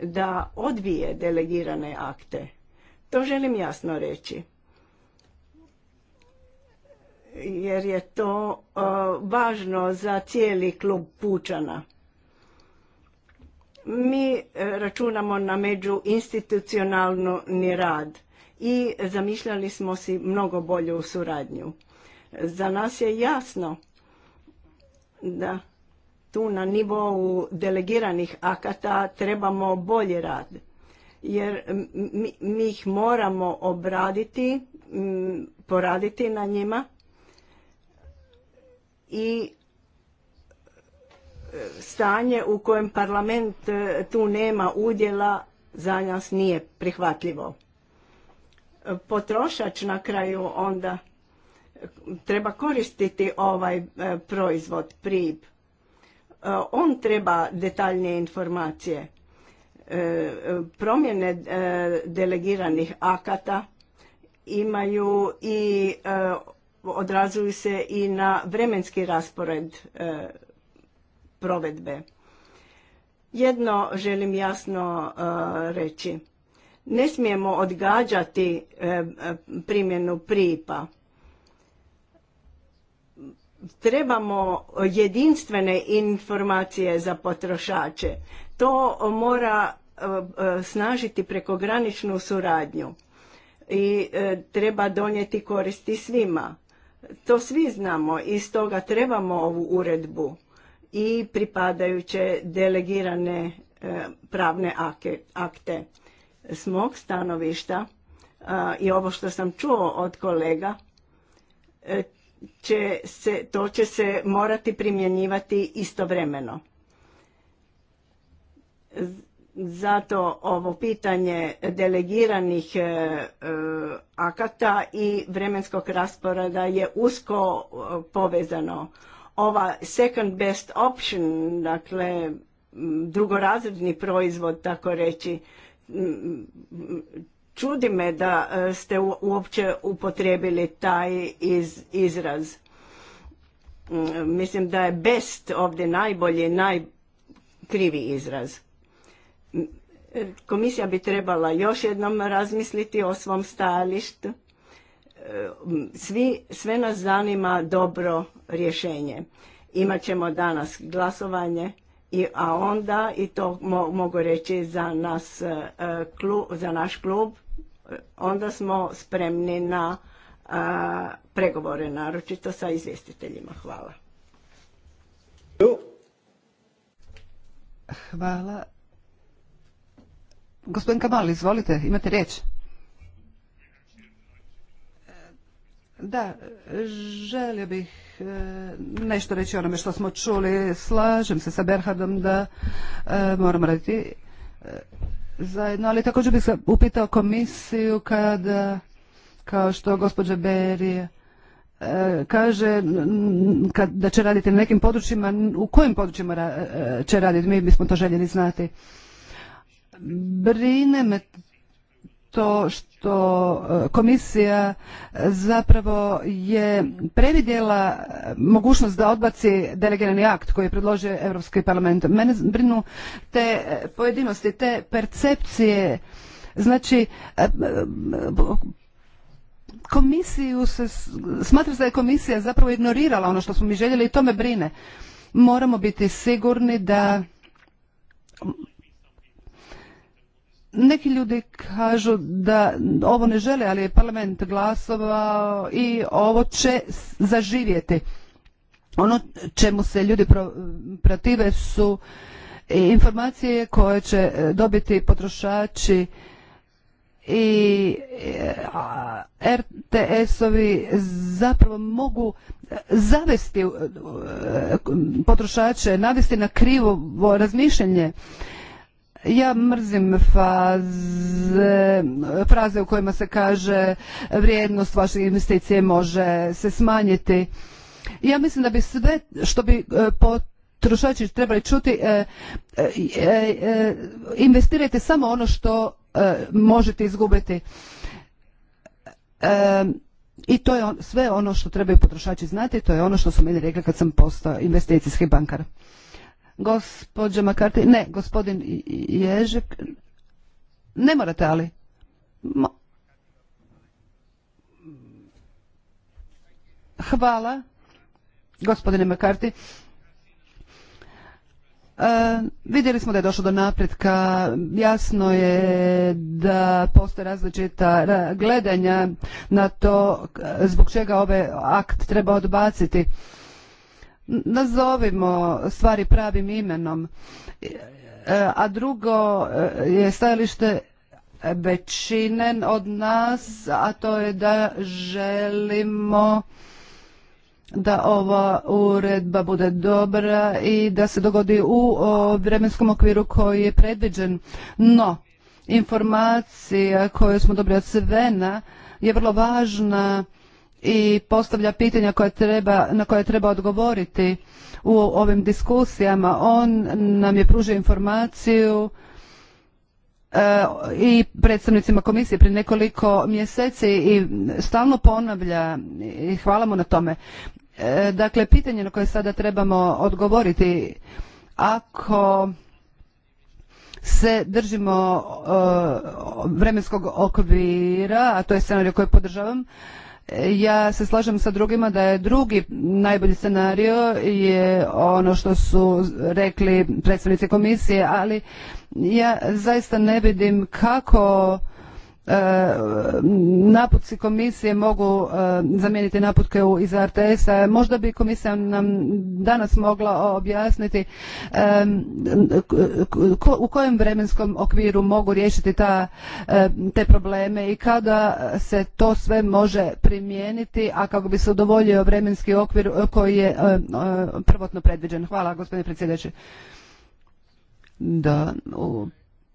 da odbije delegirane akte. To želim jasno reći. Jer je to e, važno za cijeli klub pučana. Mi e, računamo na među ni rad i zamišljali smo si mnogo bolju suradnju. Za nas je jasno da tu na nivou delegiranih akata trebamo bolji rad. Jer mi, ih moramo obraditi, poraditi na njima i stanje u kojem parlament e, tu nema udjela za nas nije prihvatljivo. E, potrošač na kraju onda e, treba koristiti ovaj proizvod PRIB. On treba detaljnije informacije. Promjene delegiranih akata imaju i odrazuju se i na vremenski raspored provedbe. Jedno želim jasno e, reći. Ne smijemo odgađati e, primjenu pripa. Trebamo jedinstvene informacije za potrošače. To mora e, snažiti prekograničnu suradnju i treba donijeti koristi svima. To svi znamo i stoga trebamo ovu uredbu i pripadajuće delegirane e, pravne akte. S mog stanovišta e, i ovo što sam čuo od kolega, e, će se, to će se morati primjenjivati istovremeno. Zato ovo pitanje delegiranih akata i vremenskog rasporeda je usko povezano ova second best option, dakle drugorazredni proizvod, tako reći, čudi me da e, ste uopće upotrijebili taj izraz. Mm, mislim da je best ovdje najbolji, najkrivi izraz. Mm, e, komisija bi trebala još jednom razmisliti o svom stajalištu. E, svi, sve nas zanima dobro rješenje. Imaćemo danas glasovanje, i, a onda, i to mogu reći za, nas, e, za naš klub, e, onda smo spremni na e, pregovore, naročito sa izvjestiteljima. Hvala. Hvala. Gospodin Kamal, izvolite, imate riječ. Da, želio bih E, nešto reći onome što smo čuli. Slažem se sa Berhadom da e, moramo raditi e, zajedno, ali također bih se upitao komisiju kada, kao što gospođa Berije kaže da će raditi na nekim područjima, u kojim područjima će raditi, mi bismo to željeli znati. Brine me to što što e, komisija zapravo je previdjela mogućnost da odbaci delegirani akt koji je predložio Europski parlament. Mene brinu te pojedinosti, te percepcije, znači e, e, komisiju se, smatra se da je komisija zapravo ignorirala ono što smo mi željeli i to me brine. Moramo biti sigurni da neki ljudi kažu da ovo ne žele, ali je parlament glasovao i ovo će zaživjeti. Ono čemu se ljudi protive su informacije koje će dobiti potrošači i e, RTS-ovi zapravo mogu zavesti e, potrošače, navesti na krivo razmišljanje ja mrzim fraze u kojima se kaže vrijednost vaše investicije može se smanjiti. Ja mislim da bi sve što bi e, potrošači trebali čuti, e, e, investirajte samo ono što možete izgubiti. I to je sve ono što trebaju potrošači znati, to je ono što su meni rekli kad sam postao investicijski bankar. Gospođa Makarti, ne, gospodin Ježek, ne morate ali. Hvala, gospodine Makarti. E, vidjeli smo da je došlo do napretka, jasno je da postoje različita gledanja na to zbog čega ovaj akt treba odbaciti nazovimo stvari pravim imenom. E, a drugo e, je stajalište većine od nas, a to je da želimo da ova uredba bude dobra i da se dogodi u vremenskom okviru koji je predviđen. No, informacija koju smo dobili od Svena je vrlo važna i postavlja pitanja koja treba, na koje treba odgovoriti u ovim diskusijama. On nam je pružio informaciju e, i predstavnicima komisije prije nekoliko mjeseci i stalno ponavlja i hvala mu na tome. E, dakle, pitanje na koje sada trebamo odgovoriti ako se držimo e, vremenskog okvira, a to je scenario koji podržavam, ja se slažem sa drugima da je drugi najbolji scenario je ono što su rekli predstavnici komisije, ali ja zaista ne vidim kako E, naputci komisije mogu e, zamijeniti naputke iz RTS-a. Možda bi komisija nam danas mogla objasniti e, u kojem vremenskom okviru mogu riješiti te probleme i kada se to sve može primijeniti, a kako bi se udovoljio vremenski okvir koji je prvotno predviđen. Hvala gospodine predsjedeći. Da, u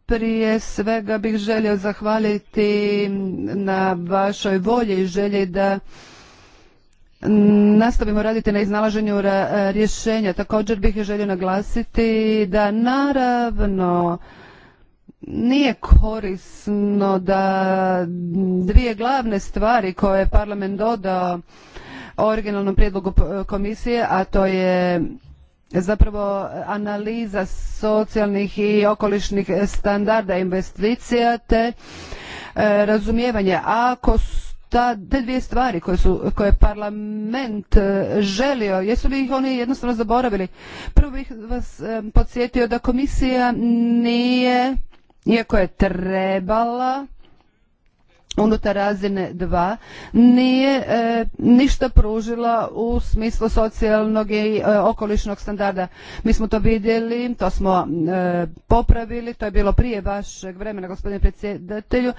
prije svega bih želio zahvaliti na vašoj volji i želji da nastavimo raditi na iznalaženju rješenja. Također bih želio naglasiti da naravno nije korisno da dvije glavne stvari koje je parlament dodao originalnom prijedlogu komisije, a to je zapravo analiza socijalnih i okolišnih standarda investicija te e, razumijevanje ako ta, te dvije stvari koje, su, koje parlament e, želio, jesu li ih oni jednostavno zaboravili? Prvo bih vas e, podsjetio da komisija nije, iako je trebala, unutar razine dva nije e, ništa pružila u smislu socijalnog i e, okolišnog standarda. Mi smo to vidjeli, to smo e, popravili, to je bilo prije vašeg vremena gospodine predsjedatelju,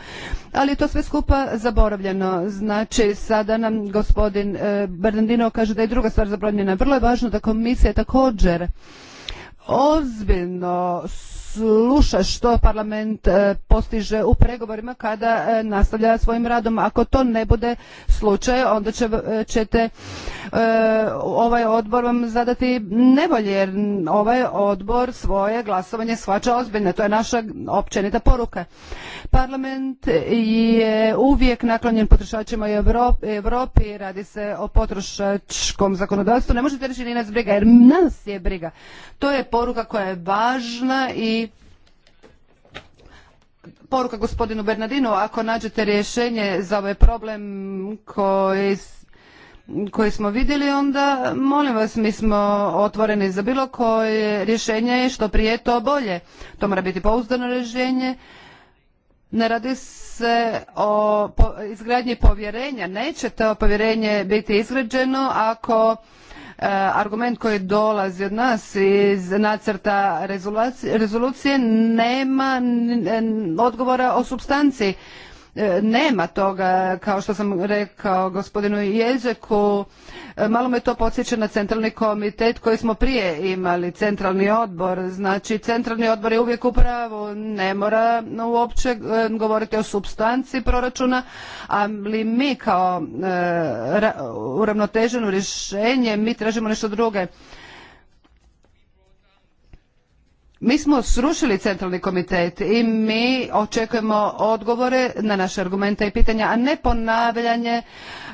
ali to sve skupa zaboravljeno. Znači sada nam gospodin Bernardino kaže da je druga stvar zaboravljena. Vrlo je važno da komisija također ozbiljno sluša što parlament e, postiže u pregovorima kada e, nastavlja svojim radom. Ako to ne bude slučaj, onda e, ćete ovaj odbor vam zadati nevolje, jer ovaj odbor svoje glasovanje shvaća ozbiljno. To je naša općenita poruka. Parlament je uvijek naklonjen potrošačima u Europi, radi se o potrošačkom zakonodavstvu. Ne možete reći ni nas briga, jer nas je briga. To je poruka koja je važna i poruka gospodinu Bernardinu, ako nađete rješenje za ovaj problem koji koji smo vidjeli, onda molim vas, mi smo otvoreni za bilo koje rješenje, što prije to bolje. To mora biti pouzdano rješenje. Ne radi se o izgradnji povjerenja. Neće to povjerenje biti izgrađeno ako E, argument koji dolazi od nas iz nacrta rezolucije nema odgovora o substanciji E, nema toga, kao što sam rekao gospodinu Jezeku, e, malo me to podsjeća na centralni komitet koji smo prije imali, centralni odbor. Znači, centralni odbor je uvijek u pravu, ne mora uopće e, govoriti o substanci proračuna, ali mi kao uravnoteženo rješenje, mi tražimo nešto druge mi smo srušili centralni komitet i mi očekujemo odgovore na naše argumente i pitanja, a ne ponavljanje e,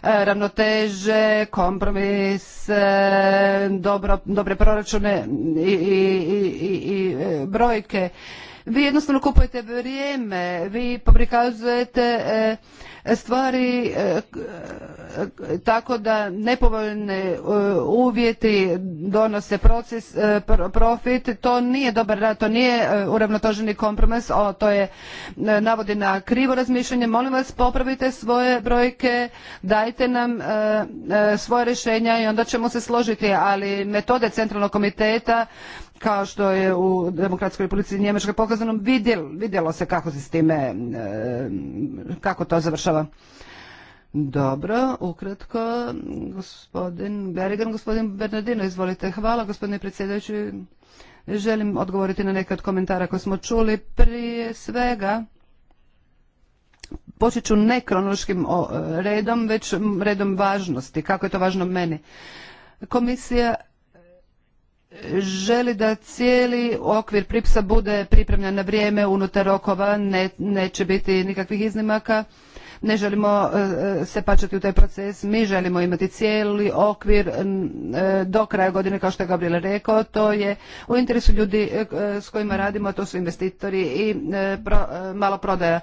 ravnoteže, kompromis, e, dobro, dobre proračune i, i e, brojke. Vi jednostavno kupujete vrijeme, vi prikazujete stvari e, e, tako da nepovoljni e, uvjeti donose proces, profit. To nije dobar rad, to nije uravnotoženi kompromis, to je navodi na krivo razmišljanje. Molim vas popravite svoje brojke, dajte nam svoje rješenja i onda ćemo se složiti, ali metode centralnog komiteta kao što je u Demokratskoj republici Njemačkoj pokazano, vidjelo, se kako se s time, e, kako to završava. Dobro, ukratko, gospodin Berigan, gospodin Bernardino, izvolite. Hvala, gospodine predsjedajući. Želim odgovoriti na neke od komentara koje smo čuli. Prije svega, počet ću ne kronološkim redom, već redom važnosti, kako je to važno meni. Komisija želi da cijeli okvir pripsa bude pripremljen na vrijeme unutar rokova, neće biti nikakvih iznimaka ne želimo e, e, se pačati u taj proces, mi želimo imati cijeli okvir e, do kraja godine, kao što je Gabriel rekao, to je u interesu ljudi s kojima radimo, to su investitori i malo prodaja.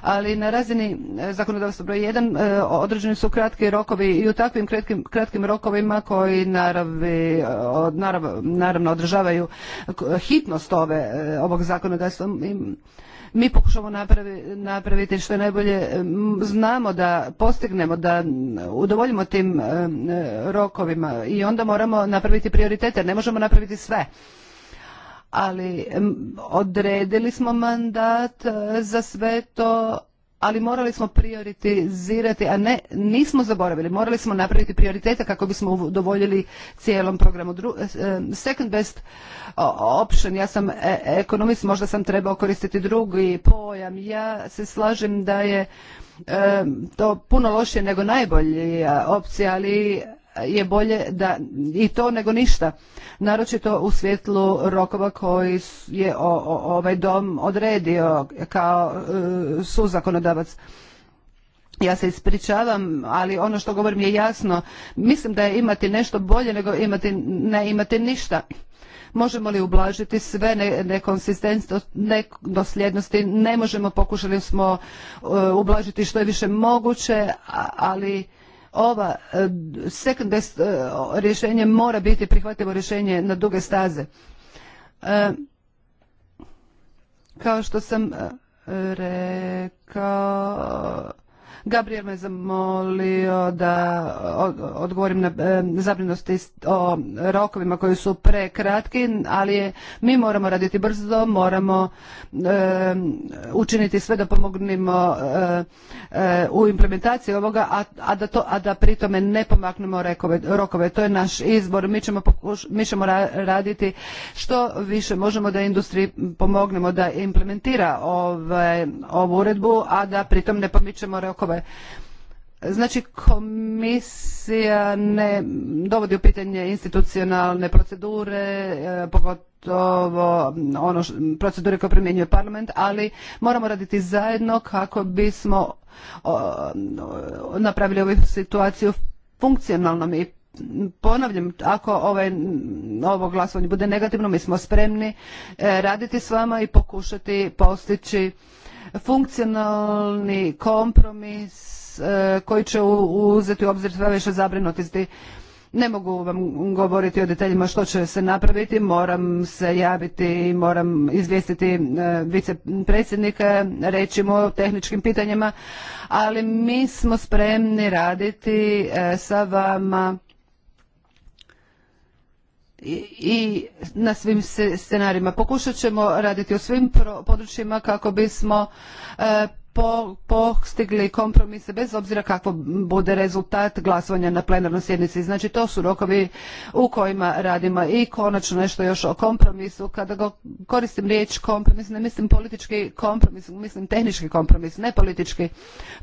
Ali na razini zakonodavstva broj 1 određeni su kratki rokovi i u takvim kratkim, rokovima koji naravno održavaju hitnost ove, ovog zakonodavstva mi pokušamo napraviti što je najbolje e, znamo da postignemo da udovoljimo tim e, e, rokovima i onda moramo napraviti prioritete ne možemo napraviti sve ali odredili smo mandat za sve to ali morali smo prioritizirati, a ne, nismo zaboravili, morali smo napraviti prioriteta kako bismo udovoljili cijelom programu. Dru, e, second best option, ja sam e, ekonomist, možda sam trebao koristiti drugi pojam, ja se slažem da je e, to puno lošije nego najbolja opcija, ali je bolje da i to nego ništa. Naročito u svjetlu rokova koji je ovaj dom odredio kao e, suzakonodavac. Ja se ispričavam, ali ono što govorim je jasno. Mislim da je imati nešto bolje nego imati, ne imati ništa. Možemo li ublažiti sve nedosljednosti? Ne možemo, pokušali smo e, ublažiti što je više moguće, ali ova e, second e, rješenje mora biti prihvatljivo rješenje na duge staze. E, kao što sam rekao Gabriel me zamolio da odgovorim na e, zabrinutosti o rokovima koji su prekratki, ali je, mi moramo raditi brzo, moramo e, učiniti sve da pomognemo e, u implementaciji ovoga, a, da to, a da pritome ne pomaknemo rokove. To je naš izbor. Mi ćemo, mi ćemo raditi što više možemo da industriji pomognemo da implementira ovu uredbu, a da pritom ne pomičemo rokove dakle Znači komisija ne dovodi u pitanje institucionalne procedure, e, pogotovo ono š, procedure koje primjenjuje parlament, ali moramo raditi zajedno kako bismo o, napravili ovu situaciju funkcionalnom i ponavljam, ako ovaj, ovo glasovanje bude negativno, mi smo spremni e, raditi s vama i pokušati postići funkcionalni kompromis e, koji će uzeti u obzir sve više zabrinutosti. Ne mogu vam govoriti o detaljima što će se napraviti, moram se javiti, moram izvijestiti e, vicepredsjednika, reći mu o tehničkim pitanjima, ali mi smo spremni raditi e, sa vama i na svim scenarijima. Pokušat ćemo raditi u svim područjima kako bismo e, postigli kompromise bez obzira kako bude rezultat glasovanja na plenarnoj sjednici. Znači to su rokovi u kojima radimo i konačno nešto još o kompromisu. Kada koristim riječ kompromis, ne mislim politički kompromis, mislim tehnički kompromis, ne politički.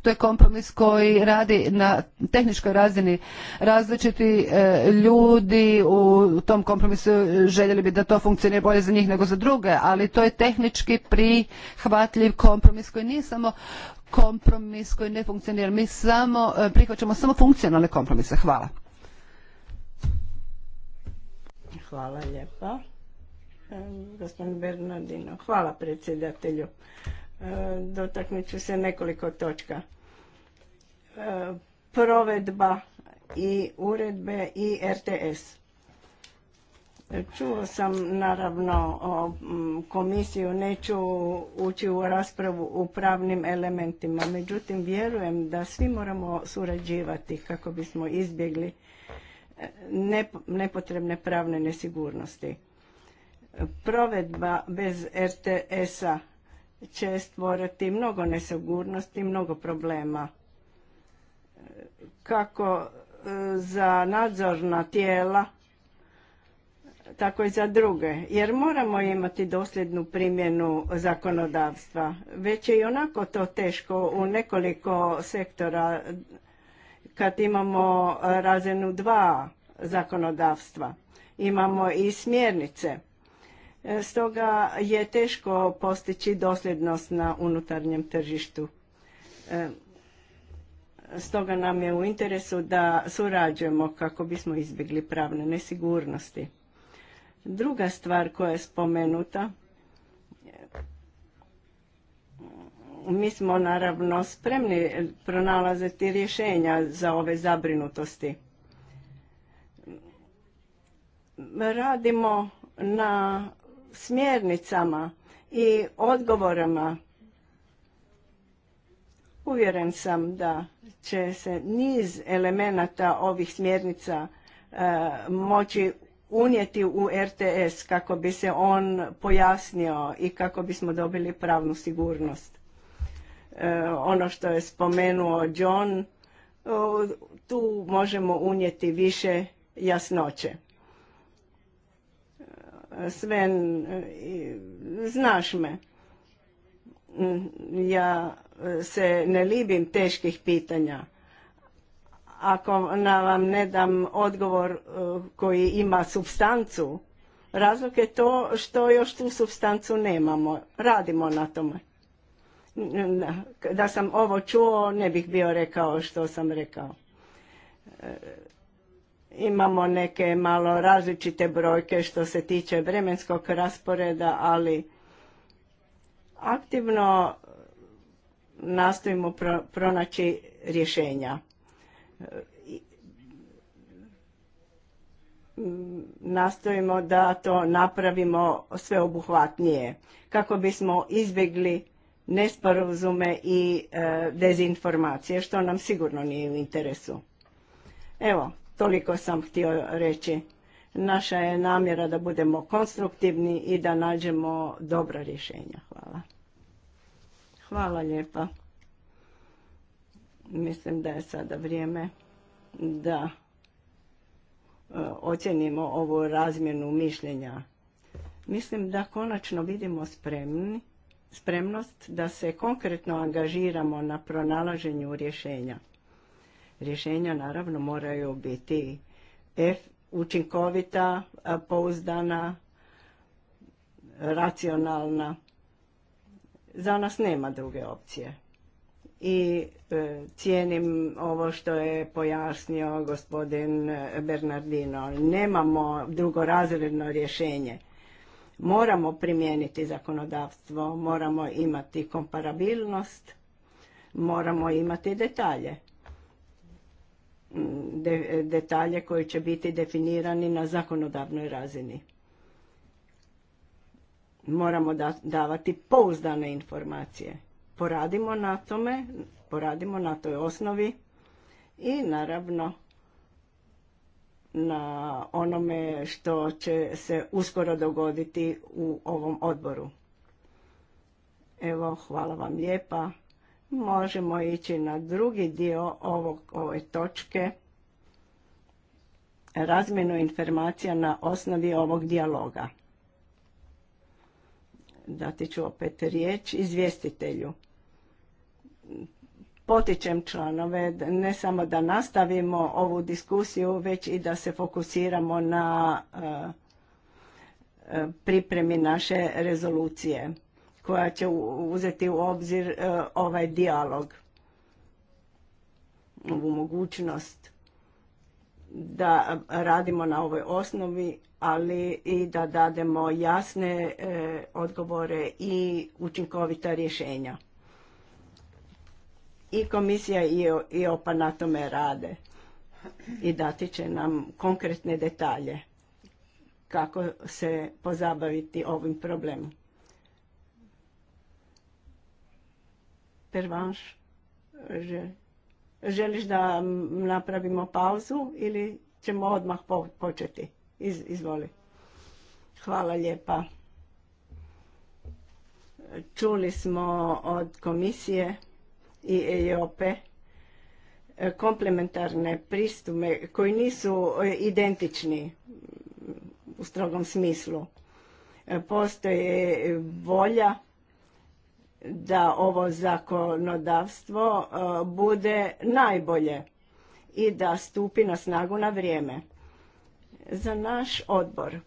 To je kompromis koji radi na tehničkoj razini. Različiti e, ljudi u tom kompromisu željeli bi da to funkcionira bolje za njih nego za druge, ali to je tehnički prihvatljiv kompromis koji nije samo kompromis koji ne funkcionira. Mi samo e, prihvaćamo samo funkcionalne kompromise. Hvala. Hvala lijepa. E, gospodin Bernardino. Hvala predsjedatelju. E, dotaknut ću se nekoliko točka. Provedba i uredbe i RTS Čuo sam naravno mm, komisiju, neću ući u raspravu u pravnim elementima, međutim vjerujem da svi moramo surađivati kako bismo izbjegli e, nepotrebne pravne nesigurnosti. Provedba bez RTS-a će stvoriti mnogo nesigurnosti, mnogo problema. E, kako e, za nadzorna tijela, tako i za druge, jer moramo imati dosljednu primjenu zakonodavstva. Već je i onako to teško u nekoliko sektora kad imamo razinu dva zakonodavstva. Imamo i smjernice. Stoga je teško postići dosljednost na unutarnjem tržištu. E, stoga nam je u interesu da surađujemo kako bismo izbjegli pravne nesigurnosti. Druga stvar koja je spomenuta, mi smo naravno spremni pronalaziti rješenja za ove zabrinutosti. Radimo na smjernicama i odgovorama. Uvjeren sam da će se niz elemenata ovih smjernica e, moći unijeti u RTS kako bi se on pojasnio i kako bismo dobili pravnu sigurnost. E, ono što je spomenuo John, e, tu možemo unijeti više jasnoće. E, Sven, znaš me. Mm, ja se ne libim teških pitanja ako na vam ne dam odgovor e, koji ima substancu, razlog je to što još tu substancu nemamo. Radimo na tome. Da sam ovo čuo, ne bih bio rekao što sam rekao. E, imamo neke malo različite brojke što se tiče vremenskog rasporeda, ali aktivno nastojimo pronaći rješenja nastojimo da to napravimo sveobuhvatnije kako bismo izbjegli nesporazume i e, dezinformacije što nam sigurno nije u interesu. Evo, toliko sam htio reći. Naša je namjera da budemo konstruktivni i da nađemo dobra rješenja. Hvala. Hvala lijepa. Mislim da je sada vrijeme da e, ocjenimo ovu razmjenu mišljenja. Mislim da konačno vidimo spremni, spremnost da se konkretno angažiramo na pronalaženju rješenja. Rješenja naravno moraju biti F, učinkovita, pouzdana, racionalna. Za nas nema druge opcije i e, cijenim ovo što je pojasnio gospodin Bernardino. Nemamo drugorazredno rješenje. Moramo primijeniti zakonodavstvo, moramo imati komparabilnost, moramo imati detalje. detalje koji će biti definirani na zakonodavnoj razini. Moramo davati pouzdane informacije poradimo na tome, poradimo na toj osnovi i naravno na onome što će se uskoro dogoditi u ovom odboru. Evo, hvala vam lijepa. Možemo ići na drugi dio ovog, ove točke. Razmjenu informacija na osnovi ovog dijaloga. Dati ću opet riječ izvjestitelju potičem članove ne samo da nastavimo ovu diskusiju, već i da se fokusiramo na e, e, pripremi naše rezolucije koja će uzeti u obzir e, ovaj dijalog, ovu mogućnost da radimo na ovoj osnovi, ali i da dademo jasne odgovore i učinkovita rješenja i komisija i OPA na tome rade i dati će nam konkretne detalje kako se pozabaviti ovim problemom. Pervanš, želiš da napravimo pauzu ili ćemo odmah početi? Iz, izvoli. Hvala lijepa. Čuli smo od komisije i EOP e, komplementarne pristume koji nisu e, identični mm, u strogom smislu. E, postoje volja da ovo zakonodavstvo bude najbolje i da stupi na snagu na vrijeme. Za naš odbor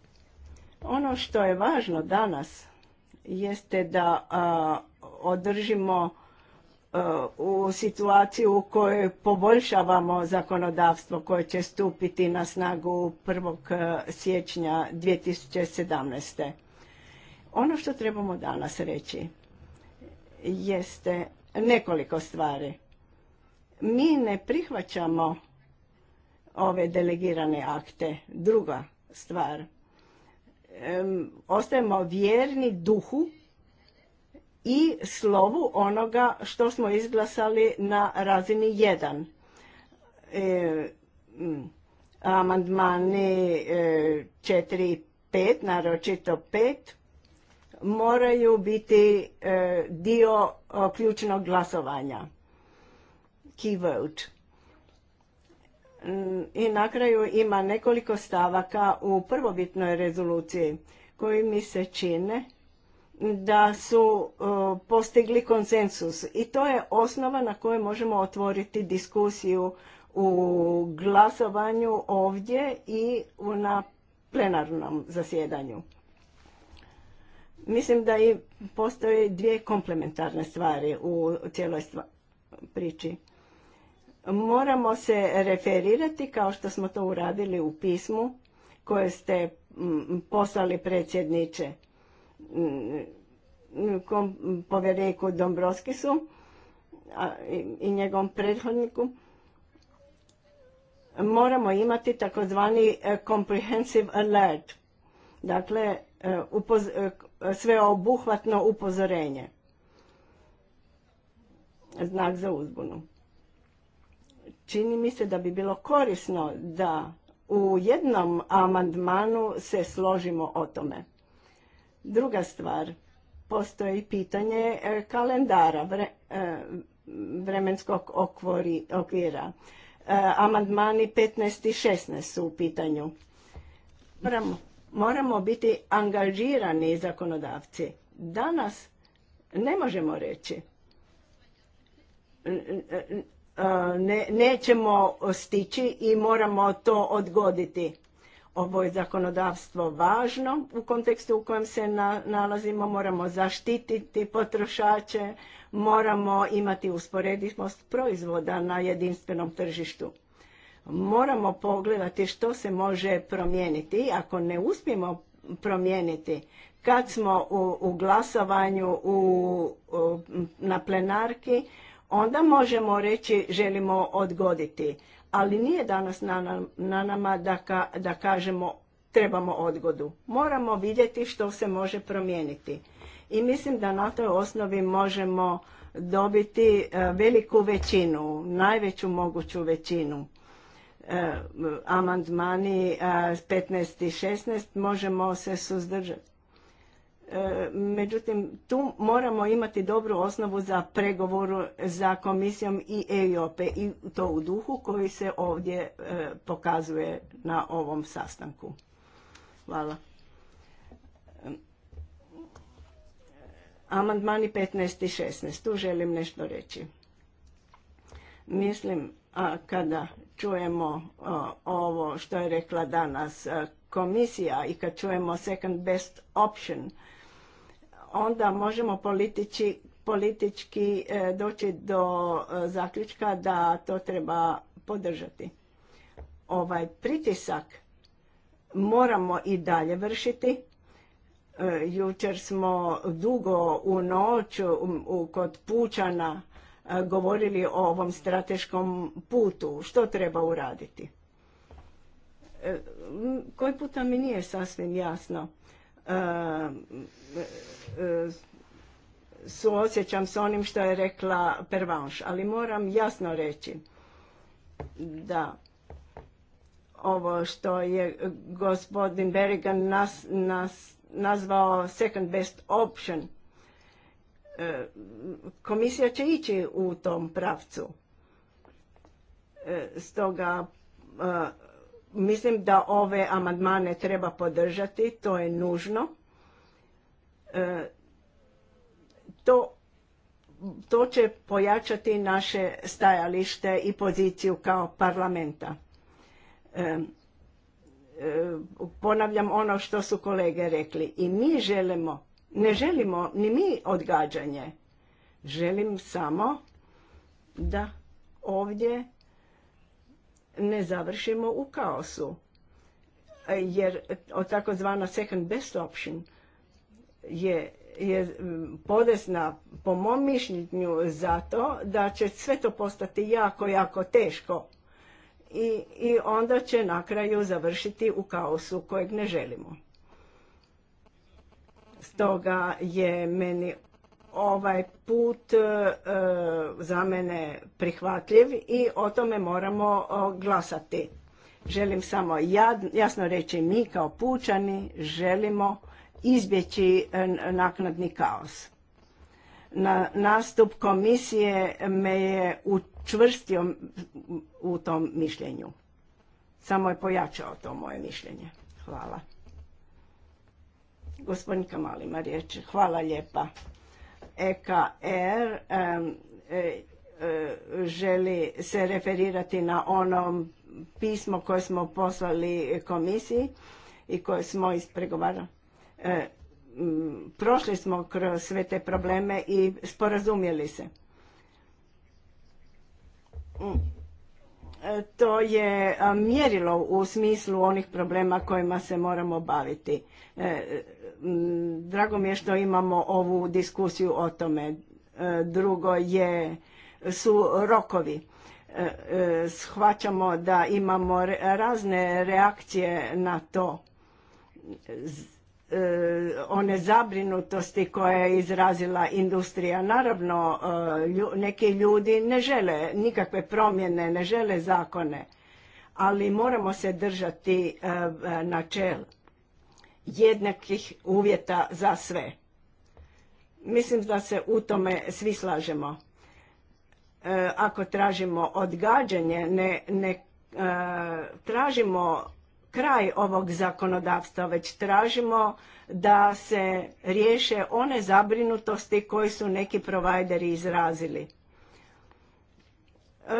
ono što je važno danas jeste da održimo E, u situaciju u kojoj poboljšavamo zakonodavstvo koje će stupiti na snagu 1. E, siječnja 2017. Ono što trebamo danas reći jeste nekoliko stvari. Mi ne prihvaćamo ove delegirane akte. Druga stvar, ostajemo vjerni duhu i slovu onoga što smo izglasali na razini 1. E, amandmani 4 i 5, naročito 5, moraju biti e, dio ključnog glasovanja. Key vote. Mm, I na kraju ima nekoliko stavaka u prvobitnoj rezoluciji koji mi se čine da su e, postigli konsensus i to je osnova na kojoj možemo otvoriti diskusiju u glasovanju ovdje i na plenarnom zasjedanju. Mislim da i postoje dvije komplementarne stvari u cijeloj priči. Moramo se referirati kao što smo to uradili u pismu koje ste poslali predsjedniče Mm, povjereniku Dombrovskisu i njegovom prethodniku moramo imati takozvani e, comprehensive alert, dakle e, e, sveobuhvatno upozorenje, znak za uzbunu. Čini mi se da bi bilo korisno da u jednom amandmanu se složimo o tome. Druga stvar, postoji pitanje e, kalendara, e, vremenskog okvira. E, amandmani 15 i 16 su u pitanju. Moramo, biti angažirani zakonodavci. Danas ne možemo reći ne, nećemo stići i moramo to odgoditi. Ovo je zakonodavstvo važno u kontekstu u kojem se nalazimo. Moramo zaštititi potrošače, moramo imati usporedivost proizvoda na jedinstvenom tržištu. Moramo pogledati što se može promijeniti. Ako ne uspijemo promijeniti, kad smo u, glasovanju u, u, na plenarki, onda možemo reći želimo odgoditi ali nije danas na, nama da, da kažemo trebamo odgodu. Moramo vidjeti što se može promijeniti. I mislim da na toj osnovi možemo dobiti e, veliku većinu, najveću moguću većinu. E, amandmani 15 i 16 možemo se suzdržati. E, međutim, tu moramo imati dobru osnovu za pregovoru za komisijom i EIOPE i to u duhu koji se ovdje e, pokazuje na ovom sastanku. Hvala. Amandmani 15 i 16. Tu želim nešto reći. Mislim, a kada čujemo ovo što je rekla danas e, komisija i kad čujemo second best option, onda možemo politički e, doći do e, zaključka da to treba podržati. Ovaj pritisak moramo i dalje vršiti. E, jučer smo dugo u noć kod Pučana govorili o ovom strateškom putu, što treba uraditi. Koji puta mi nije sasvim jasno E, e, e, suosjećam s onim što je rekla Pervanš, ali moram jasno reći da ovo što je gospodin Berigan nas, nazvao second best option, komisija će ići u tom pravcu. Stoga Mislim da ove amandmane treba podržati, to je nužno. E, to, će pojačati naše stajalište i poziciju kao parlamenta. E, e, ponavljam ono što su kolege rekli. I mi želimo, ne želimo ni mi odgađanje. Želim samo da ovdje ne završimo u kaosu. Jer takozvana second best option je, je podesna po mom mišljenju zato da će sve to postati jako, jako teško. I, i onda će na kraju završiti u kaosu kojeg ne želimo. Stoga je meni ovaj put e, e, za mene prihvatljiv i o tome moramo glasati. Želim samo jasno reći, mi kao pučani želimo izbjeći e, naknadni kaos. Na nastup komisije me je učvrstio u tom mišljenju. Samo je pojačao to moje mišljenje. Hvala. Gospodin Kamal riječ. Hvala lijepa. EKR e, e, želi se referirati na ono pismo koje smo poslali komisiji i koje smo ispregovarali. E, prošli smo kroz sve te probleme i sporazumjeli se. to je mjerilo u smislu onih problema kojima se moramo baviti. Mm, drago mi je što imamo ovu diskusiju o tome. E, drugo je, su rokovi. E, e, shvaćamo da imamo razne reakcije na to. One zabrinutosti koje je izrazila industrija. Naravno, neki ljudi ne žele nikakve promjene, ne žele zakone, ali moramo se držati načela jednakih uvjeta za sve. Mislim da se u tome svi slažemo. E, ako tražimo odgađanje, ne, ne e, tražimo kraj ovog zakonodavstva, već tražimo da se riješe one zabrinutosti koje su neki provajderi izrazili. E,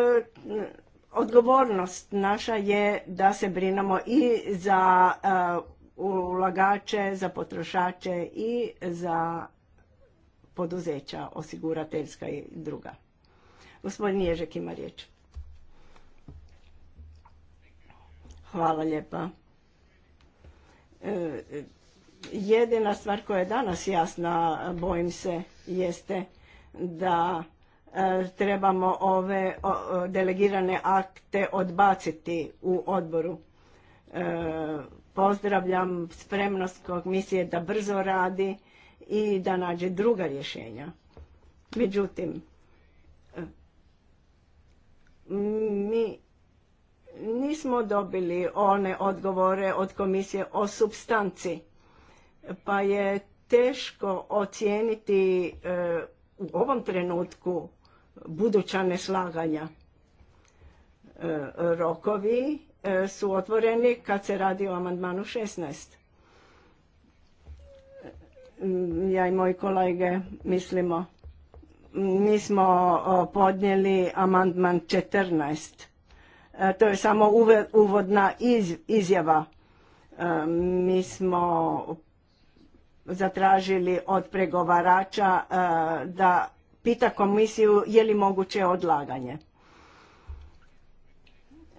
odgovornost naša je da se brinemo i za ulagače, za potrošače i za poduzeća, osigurateljska i druga. Gospodin Ježek ima riječ. Hvala lijepa. E, jedina stvar koja je danas jasna, bojim se, jeste da e, trebamo ove delegirane akte odbaciti u odboru. E, Pozdravljam spremnost komisije da brzo radi i da nađe druga rješenja. Međutim, mi nismo dobili one odgovore od komisije o substanci, pa je teško ocijeniti e, u ovom trenutku buduća neslaganja. E, rokovi E, su otvoreni kad se radi o amandmanu 16. Mm, ja i moji kolege mislimo, mi smo podnijeli amandman 14. E, to je samo uvodna izjava. E, mi smo zatražili od pregovarača da pita komisiju je li moguće odlaganje.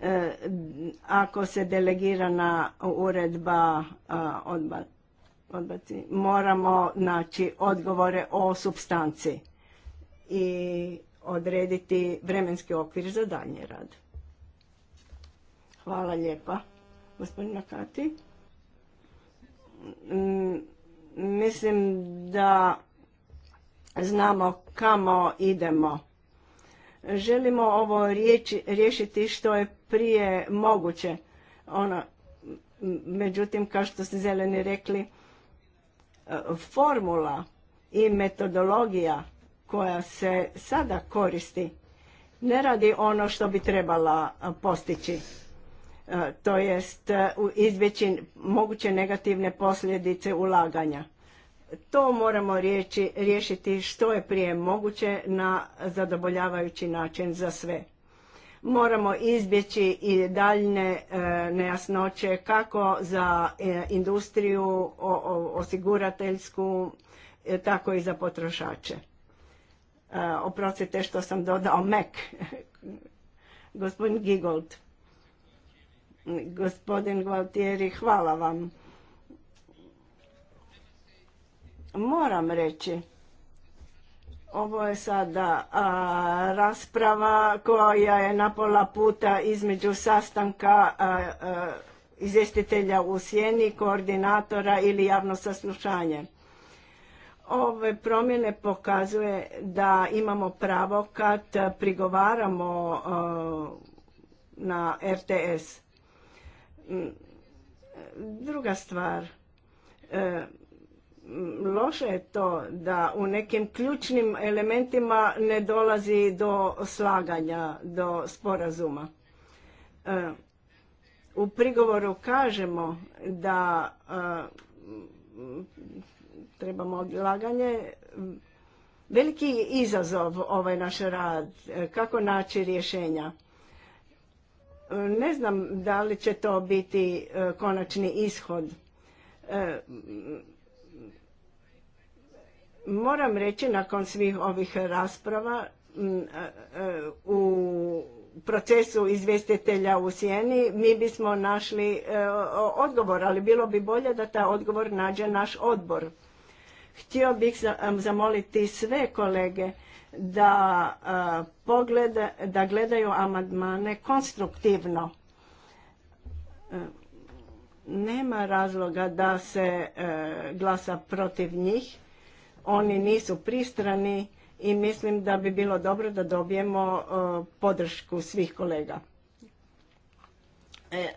E, ako se delegirana uredba odbaci, moramo naći odgovore o substanci i odrediti vremenski okvir za daljnji rad. Hvala lijepa. Gospodina Kati? Mm, mislim da znamo kamo idemo želimo ovo riječi, riješiti što je prije moguće. Ono, međutim, kao što ste zeleni rekli, e, formula i metodologija koja se sada koristi ne radi ono što bi trebala e, postići. E, to jest izbjeći moguće negativne posljedice ulaganja to moramo riječi, riješiti što je prije moguće na zadovoljavajući način za sve. Moramo izbjeći i daljne e, nejasnoće kako za e, industriju osigurateljsku, e, tako i za potrošače. Oprostite što sam dodao MEK. Gospodin Gigold. Gospodin Gualtieri, hvala vam Moram reći, ovo je sada rasprava koja je na pola puta između sastanka a, izvjestitelja u sjeni, koordinatora ili javno saslušanje. Ove promjene pokazuje da imamo pravo kad prigovaramo na RTS. Druga stvar, e, loše je to da u nekim ključnim elementima ne dolazi do slaganja, do sporazuma. E, u prigovoru kažemo da e, trebamo odlaganje. Veliki izazov ovaj naš rad, e, kako naći rješenja. ne znam da li će to biti konačni ishod Moram reći nakon svih ovih rasprava e, e, u procesu izvjestitelja u sjeni mi bismo našli e, odgovor, ali bilo bi bolje da taj odgovor nađe naš odbor. Htio bih zamoliti sve kolege da, da gledaju amandmane konstruktivno nema razloga da se e, glasa protiv njih. Oni nisu pristrani i mislim da bi bilo dobro da dobijemo e, podršku svih kolega. E,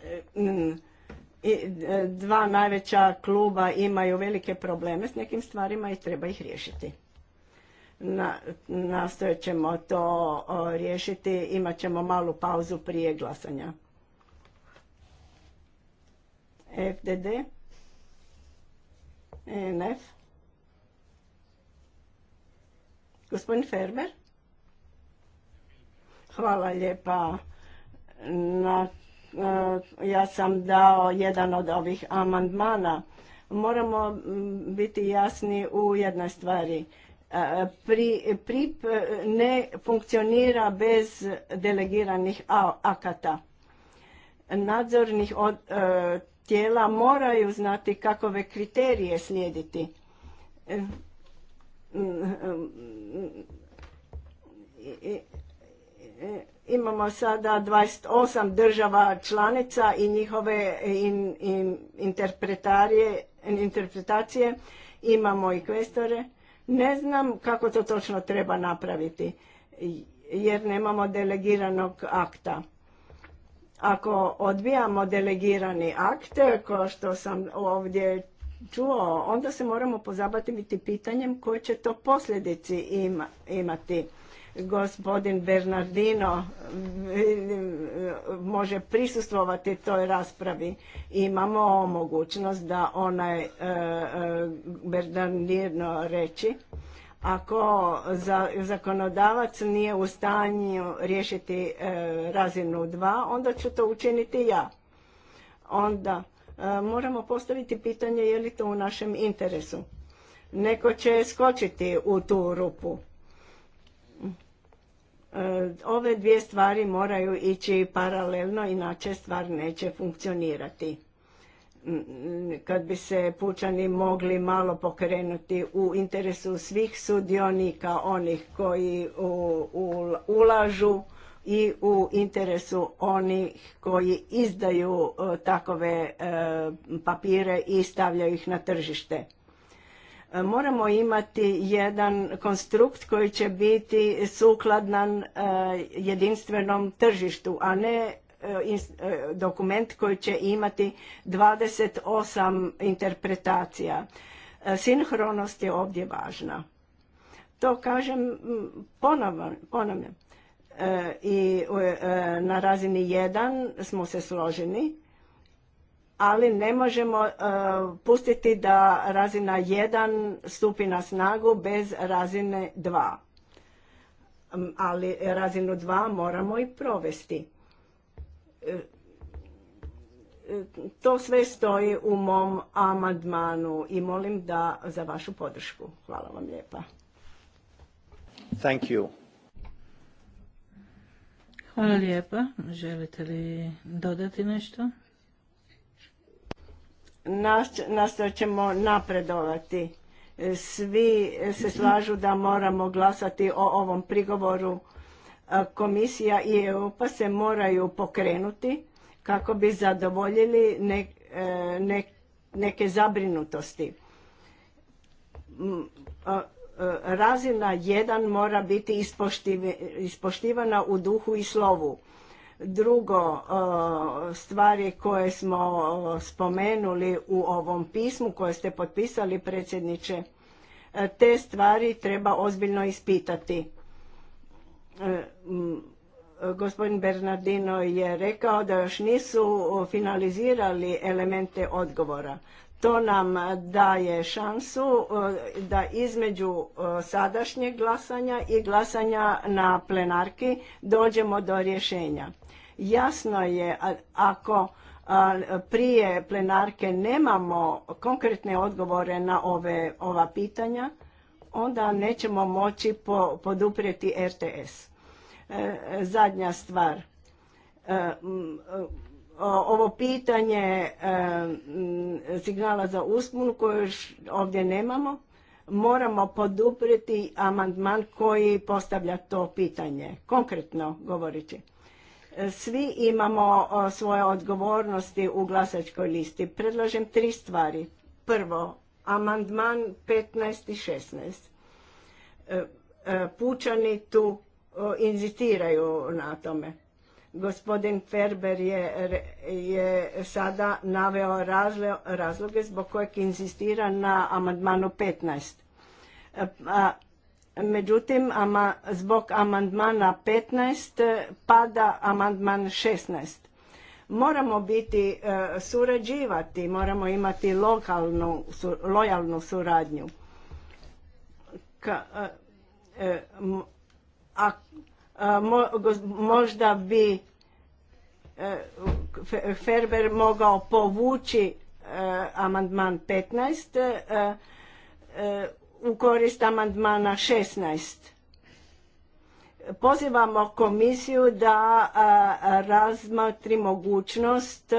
dva najveća kluba imaju velike probleme s nekim stvarima i treba ih riješiti. Na, ćemo to riješiti, imat ćemo malu pauzu prije glasanja. FDD, ENF. Gospodin Ferber. Hvala lijepa. E, ja sam dao jedan od ovih amandmana. Moramo biti jasni u jednoj stvari. E, PRIP ne funkcionira bez delegiranih akata. Nadzornih od, e, tijela moraju znati kakove kriterije slijediti. E, e, e, imamo sada 28 država članica i njihove in, in, interpretacije, imamo i kvestore. Ne znam kako to točno treba napraviti jer nemamo delegiranog akta. Ako odbijamo delegirani akt, eh, kao što sam ovdje čuo, onda se moramo pozabaviti pitanjem koje će to posljedici imati. Gospodin Bernardino eh, može prisustvovati toj raspravi. Imamo mogućnost da onaj e, Bernardino reći ako zakonodavac nije u stanju riješiti e, razinu 2, onda ću to učiniti ja. Onda e, moramo postaviti pitanje je li to u našem interesu. Neko će skočiti u tu rupu. E, ove dvije stvari moraju ići paralelno, inače stvar neće funkcionirati kad bi se pučani mogli malo pokrenuti u interesu svih sudionika, onih koji ulažu i u interesu onih koji izdaju e, takove e, papire i stavljaju ih na tržište. E, moramo imati jedan konstrukt koji će biti sukladan jedinstvenom tržištu, a ne E, e, dokument koji će imati 28 interpretacija. E, sinhronost je ovdje važna. To kažem ponovno, ponavljam. I na razini 1 smo se složeni, ali ne možemo pustiti da razina 1 stupi na snagu bez razine 2. Ali razinu 2 moramo i provesti to sve stoji u mom amandmanu i molim da za vašu podršku. Hvala vam lijepa. Thank you. Hvala lijepa. Želite li dodati nešto? Nastojat ćemo napredovati. Svi se slažu da moramo glasati o ovom prigovoru komisija i Europa se moraju pokrenuti kako bi zadovoljili e, neke zabrinutosti. E, razina jedan mora biti ispoštivana u duhu i slovu. Drugo, e, stvari koje smo spomenuli u ovom pismu koje ste potpisali predsjedniče, te stvari treba ozbiljno ispitati E, gospodin Bernardino je rekao da još nisu finalizirali elemente odgovora. To nam daje šansu e, da između e, sadašnjeg glasanja i glasanja na plenarki dođemo do rješenja. Jasno je ako prije plenarke nemamo konkretne odgovore na ove, ova pitanja, onda nećemo moći poduprijeti RTS. E, zadnja stvar. E, ovo pitanje e, signala za uspunu koju još ovdje nemamo, moramo poduprijeti amandman koji postavlja to pitanje, konkretno govoreći. Svi imamo svoje odgovornosti u glasačkoj listi. Predlažem tri stvari. Prvo, amandman 15 i 16. E, e, pučani tu e, inzitiraju na tome. Gospodin Ferber je, je sada naveo razloge zbog kojeg inzistira na amandmanu 15. A, međutim, ama, zbog amandmana 15 pada amandman 16 Moramo biti e, surađivati, moramo imati lokalnu, lojalnu suradnju. Ka, e, e, a, možda bi Ferber mogao povući amandman 15 u korist amandmana 16 Pozivamo komisiju da razmotri mogućnost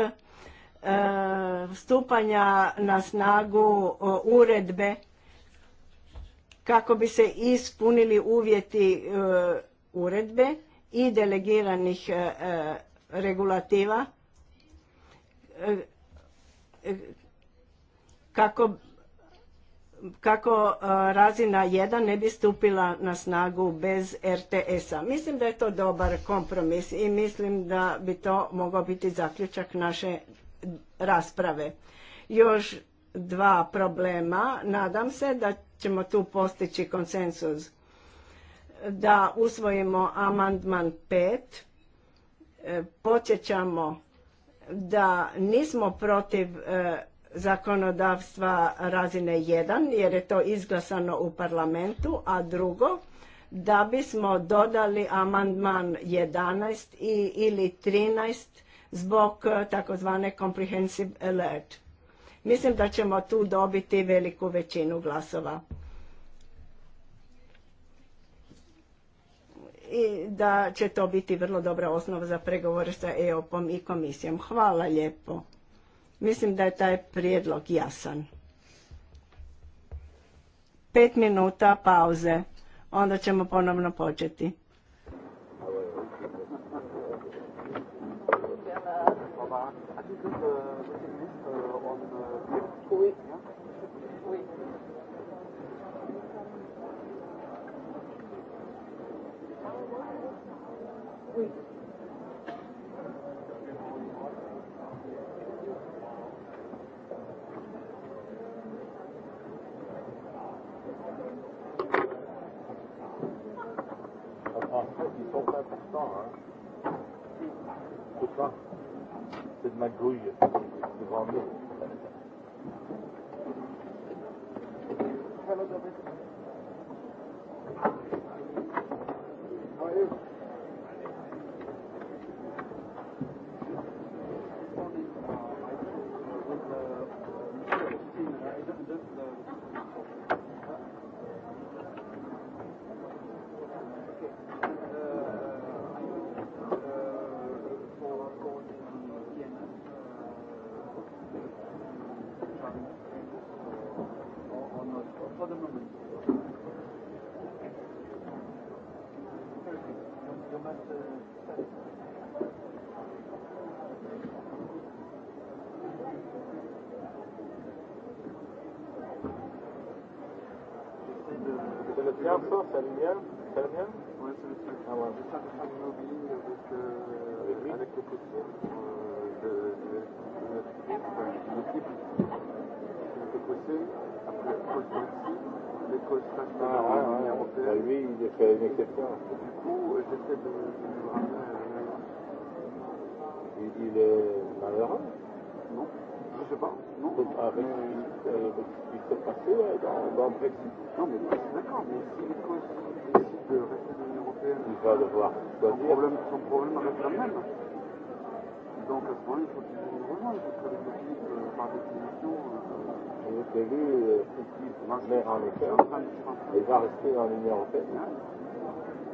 stupanja na snagu uredbe kako bi se ispunili uvjeti e, uredbe i delegiranih e, e, regulativa kako kako e, razina 1 ne bi stupila na snagu bez RTS-a. Mislim da je to dobar kompromis i mislim da bi to mogao biti zaključak naše rasprave. Još dva problema. Nadam se da ćemo tu postići konsensus. Da usvojimo amandman 5. E, Počećamo da nismo protiv e, zakonodavstva razine 1 jer je to izglasano u parlamentu, a drugo da bismo dodali amandman 11 i, ili 13 zbog takozvane comprehensive alert. Mislim da ćemo tu dobiti veliku većinu glasova. I da će to biti vrlo dobra osnova za pregovore sa EOPom i komisijom. Hvala lijepo. Mislim da je taj prijedlog jasan. Pet minuta pauze, onda ćemo ponovno početi. une Du coup, j'essaie de il, est malheureux Non, je sais pas. Non. Avec ce qui mais d'accord, mais si de rester Européenne, il va devoir problème, son problème reste le même. Donc à ce moment-là, il faut qu'il est euh, mère en Écosse. Il va rester dans l'Union européenne.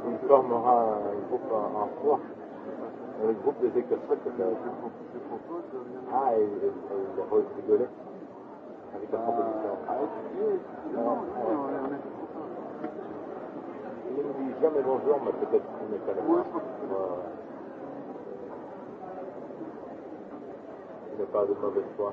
Il formera un groupe en froid. le groupe des Écossais. Ah, et il a rigolé avec la euh, proposition. Ah, il ne me dit jamais bonjour, mais peut-être qu'il n'est pas là. Il n'a pas de mauvaise foi.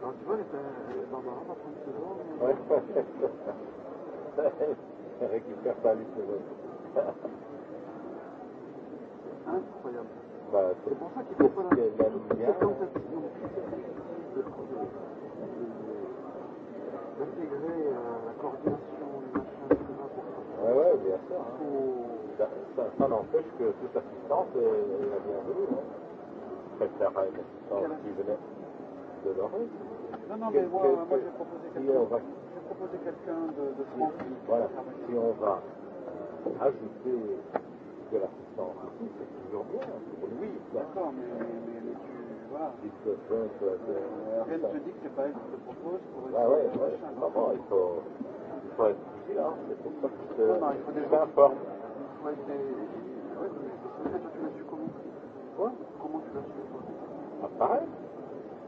Quand tu vois, euh, Ouais, ouais. Elle récupère pas lui ce Incroyable. Bah, c'est pour ça qu'il faut pas la... lumière. C'est ça la coordination, machin tout ça Ouais, ouais, bien sûr. Ça, ça, ça n'empêche que toute est la bienvenue. Hein. qui venait dedans. Non, non, mais moi, moi j'ai proposé quelqu'un va... de, tranquille. Voilà, si on va euh, ajouter de c'est toujours bien. Oui, d'accord, mais, tu ne euh, te que pour ah il faut, il faut C'est ça il faut déjà... Il faut être tu l'as Quoi Comment tu l'as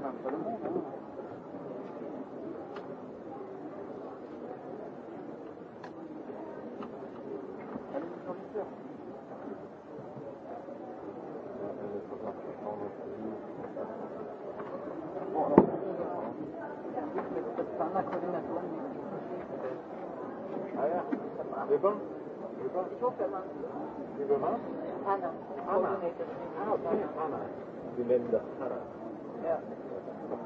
Anna. Anna immer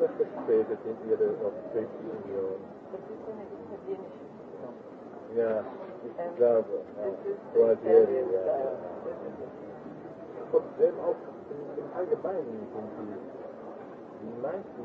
verspätet ihre auch die meisten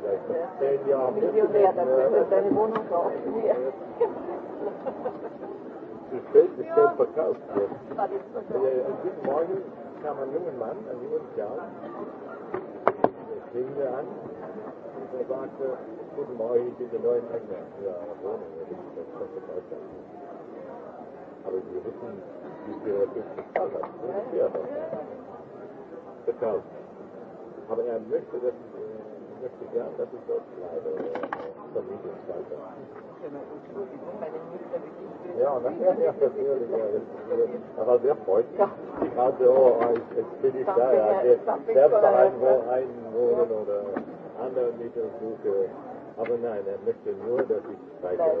Znači, da ja ono, Aber pa möchte, ja, das ist sehr bin da. oder andere Aber nein, er möchte nur, dass ich einige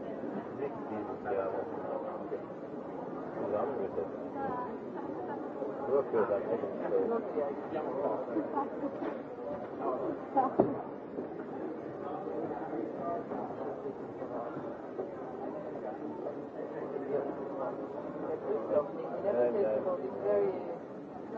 Weg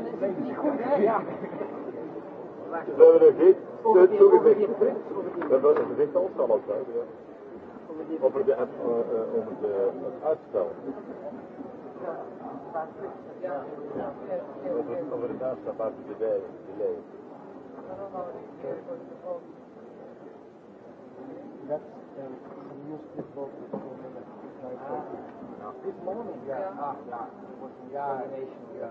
dan is Ja. We hebben Over, de, eh, eh, over de, uitstel. Ah. Ja. Over de this morning. Yeah. Ah, yeah. yeah.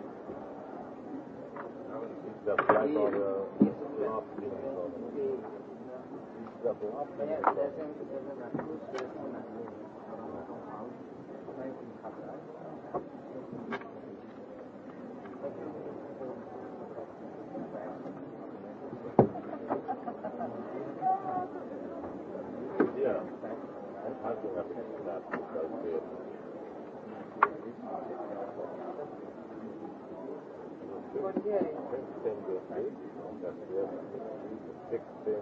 Hvala integriert, Texten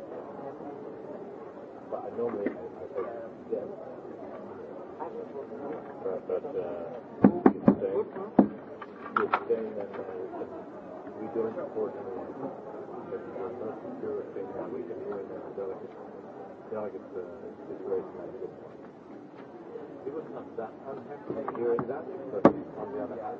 But I normally I, I think yes. Right, but uh, if they if they uh, we don't support anyone. If there's no secure thing that we can do in a delicate delicate uh, situation like this one. He was that unhappy hearing that, but on the other hand.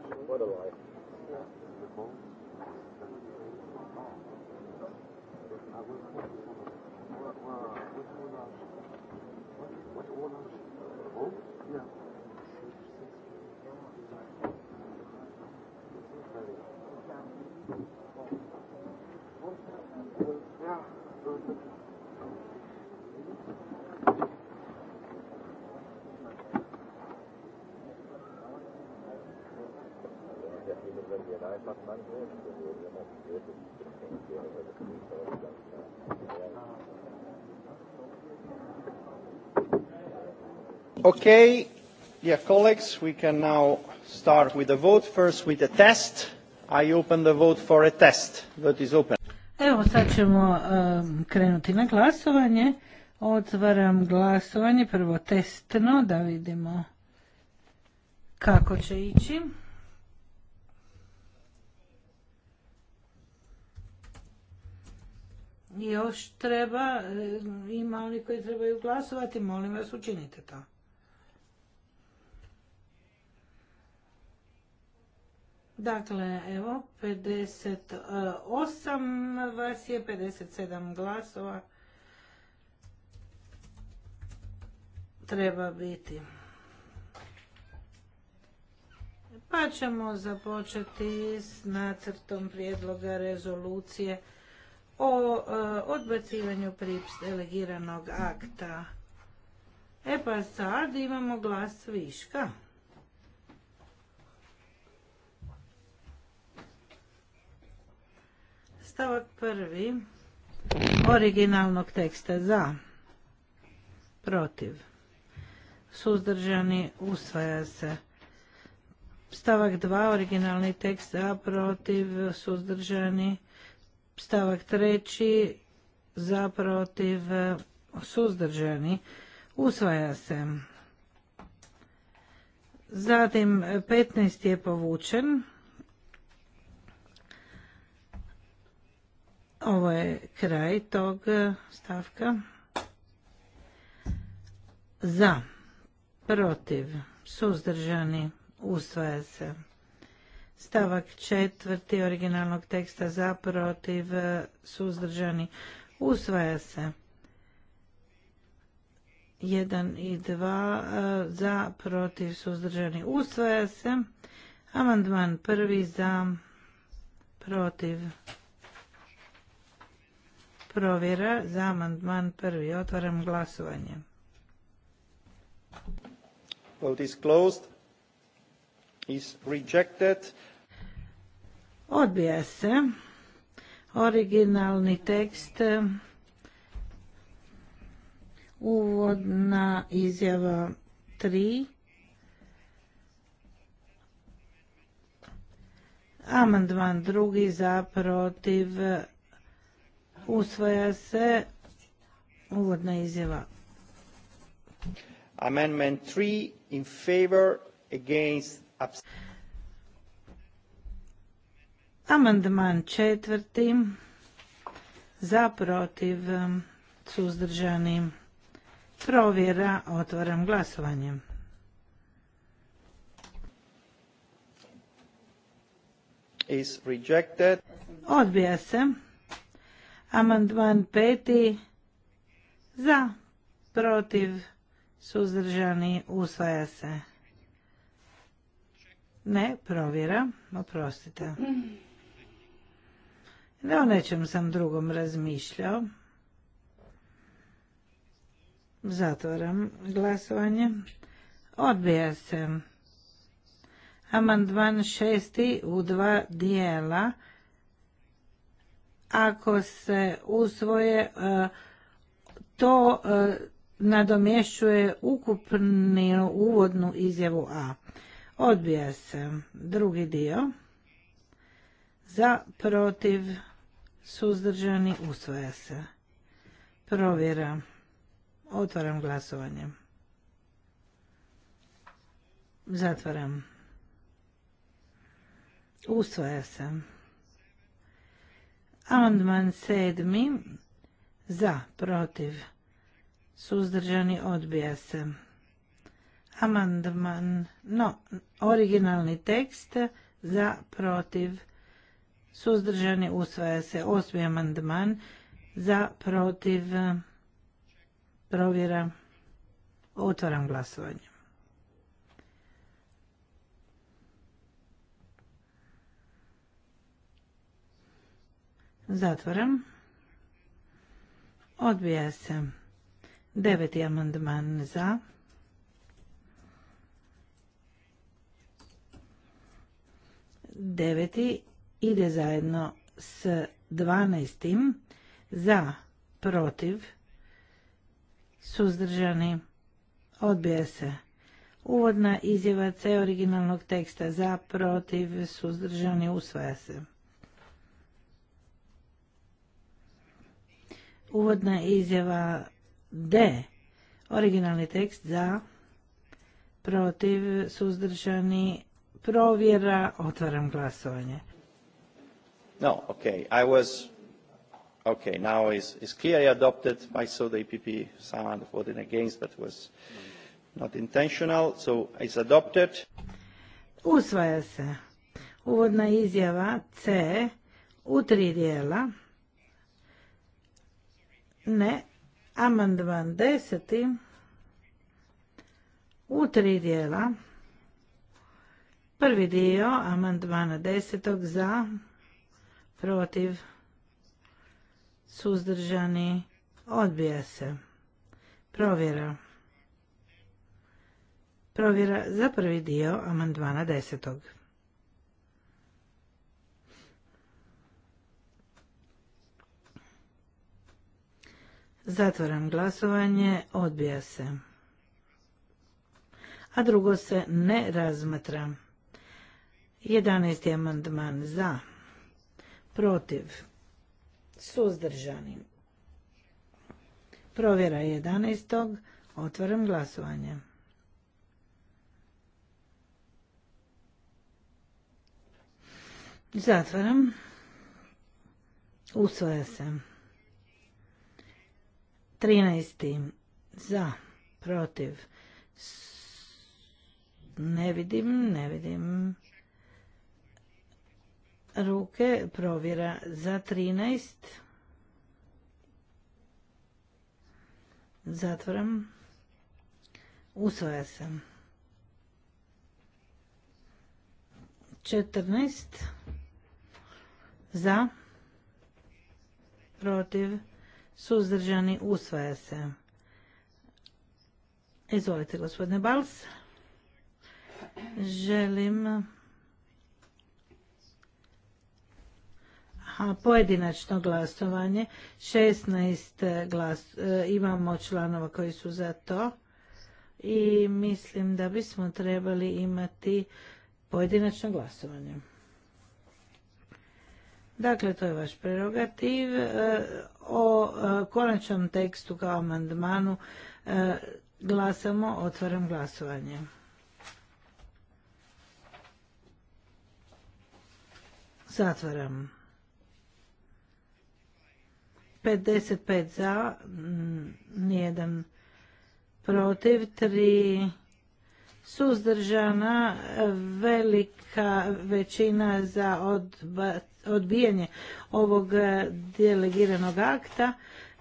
What a life. What, what, Okay, dear colleagues, we can now start with the vote. First with the test. I open the vote for a test. Vote is open. Evo sad ćemo um, krenuti na glasovanje. Otvaram glasovanje, prvo testno, da vidimo kako će ići. Još treba, um, ima oni koji trebaju glasovati, molim vas učinite to. Dakle, evo, 58 vas je, 57 glasova. Treba biti. Pa ćemo započeti s nacrtom prijedloga rezolucije o e, odbacivanju prips delegiranog akta. E pa sad imamo glas viška. Stavak prvi originalnog teksta za, protiv, suzdržani, usvaja se. Stavak 2, originalni tekst za, protiv, suzdržani, stavak 3, za, protiv, suzdržani, usvaja se. Zatim 15 je povučen. Ovo je kraj tog e, stavka. Za, protiv, suzdržani, usvaja se. Stavak četvrti originalnog teksta za, protiv, e, suzdržani, usvaja se. 1 i 2 e, za, protiv, suzdržani, usvaja se. Amandman prvi za, protiv, Provjera za amandman prvi. Otvaram glasovanje. Vote is Is rejected. Odbija se. Originalni tekst. Uvodna izjava 3. Amandman drugi za protiv Usvaja se uvodna izjava. Amendment 3 in favor against Amandman četvrti za protiv suzdržani provjera otvaram glasovanje. Is rejected. Odbija se. Amandman peti za, protiv, suzdržani, usvaja se. Ne, provjera, oprostite. Ne o nečem sam drugom razmišljao. Zatvoram glasovanje. Odbija se. Amandman šesti u dva dijela ako se usvoje e, to e, nadomješćuje ukupnu uvodnu izjavu A. Odbija se drugi dio. Za, protiv, suzdržani, usvoja se. Provjera. Otvaram glasovanje. Zatvaram. Usvoja se. Amandman sedmi za, protiv, suzdržani odbija se. Amandman, no, originalni tekst za, protiv, suzdržani usvaja se. Osmi amandman za, protiv, provjera. Otvaram glasovanje. Zatvoram. Odbija se. Deveti amandman za. Deveti ide zajedno s dvanaestim za protiv suzdržani odbija se. Uvodna izjava C originalnog teksta za protiv suzdržani usvaja se. Uvodna izjava D. Originalni tekst za protiv suzdržani provjera. Otvaram glasovanje. No, okay. I was okay. Now is is clearly adopted. I so the EPP someone voted against, but was not intentional. So it's adopted. Usvaja se. Uvodna izjava C u tri dijela. Ne. Amandman deseti u tri dijela. Prvi dio amandmana desetog za, protiv, suzdržani, odbija se. Provjera. Provjera za prvi dio amandmana desetog. Zatvaram glasovanje, odbija se. A drugo se ne razmatra. 11. amandman za, protiv, suzdržani. Provjera 11. Otvaram glasovanje. Zatvaram. Usvoja se. 13. Za. Protiv. Ne vidim, ne vidim. Ruke provjera za 13. Zatvoram. Usvoja sam. 14. Za. Protiv suzdržani, usvaja se. Izvolite, gospodine Bals. Želim... pojedinačno glasovanje. 16 e, imamo članova koji su za to. I mislim da bismo trebali imati pojedinačno glasovanje. Dakle, to je vaš prerogativ. E, o e, konačnom tekstu kao amandmanu e, glasamo, otvaram glasovanje. Zatvaram. 55 za, mm, nijedan protiv, tri suzdržana, velika većina za odbacivanje odbijanje ovog e, delegiranog akta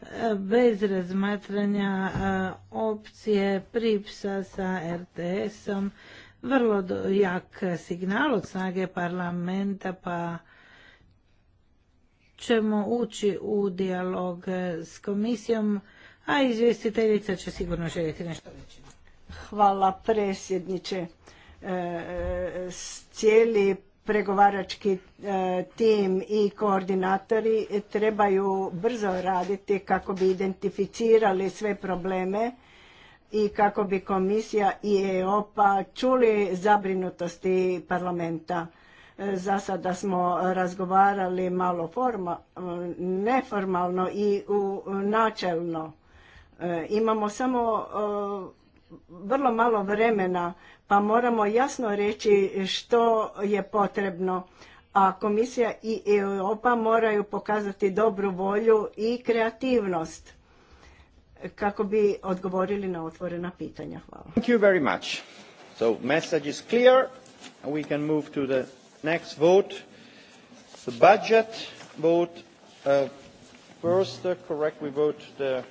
e, bez razmatranja e, opcije pripsa sa RTS-om vrlo jak signal od snage parlamenta pa ćemo ući u dijalog s komisijom, a izvjestiteljica će sigurno željeti nešto reći. Hvala predsjedniče. S cijeli pregovarački e, tim i koordinatori trebaju brzo raditi kako bi identificirali sve probleme i kako bi komisija i EOPA čuli zabrinutosti parlamenta. E, za sada smo razgovarali malo e, neformalno i u, načelno. Imamo samo vrlo malo vremena pa moramo jasno reći što je potrebno a komisija i Europa moraju pokazati dobru volju i kreativnost kako bi odgovorili na otvorena pitanja. Hvala. Thank you very much. So message is clear. We can move to the next vote. The budget vote. Uh, first, uh, correct, we vote the,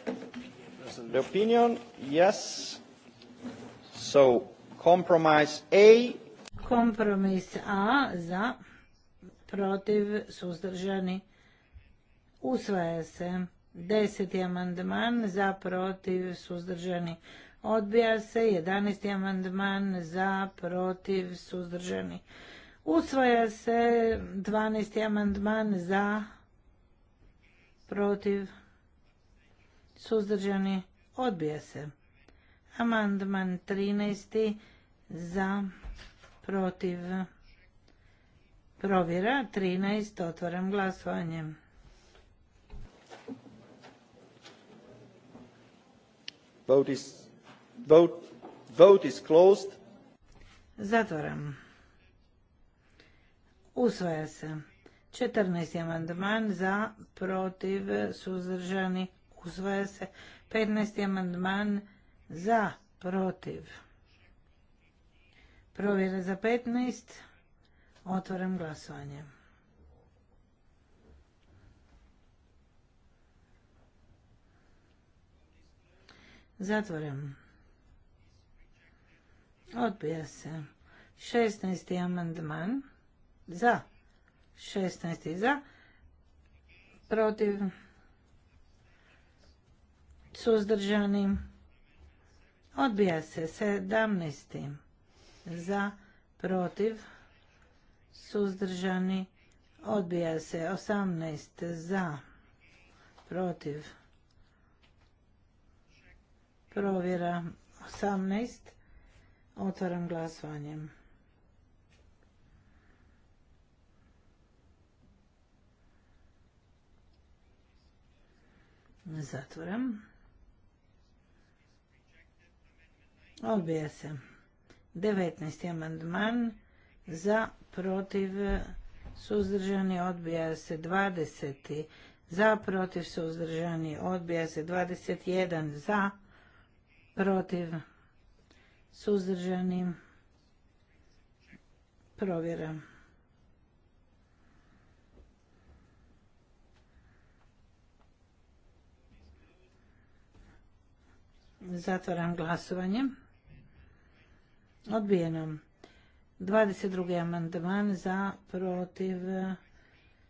the opinion. Yes. So Compromise A. Kompromis A za protiv suzdržani usvaja se. Deseti amandman za protiv suzdržani odbija se. Jedanesti amandman za protiv suzdržani usvaja se. Dvanesti amandman za protiv suzdržani odbija se. Amandman 13. za protiv provjera 13. Otvaram glasovanje. Vote is, vote, vote is closed. Zatvaram. Usvaja se. 14. amandman za protiv suzdržani. Usvaja se. 15. amandman za za, protiv. Provjera za 15. Otvaram glasovanje. Zatvaram. Odbija se. 16. amandman. Za. 16. za. Protiv. Suzdržanim. Odbija se 17. Za, protiv, suzdržani. Odbija se osamnest Za, protiv, provjera osamnest, Otvaram glasovanjem. Zatvoram. Odbija se. 19. amandman za protiv suzdržani odbija se 20. za protiv suzdržani odbija se 21. za protiv suzdržani provjera. Zatvaram glasovanje. Odbijeno. 22. amandman za, protiv,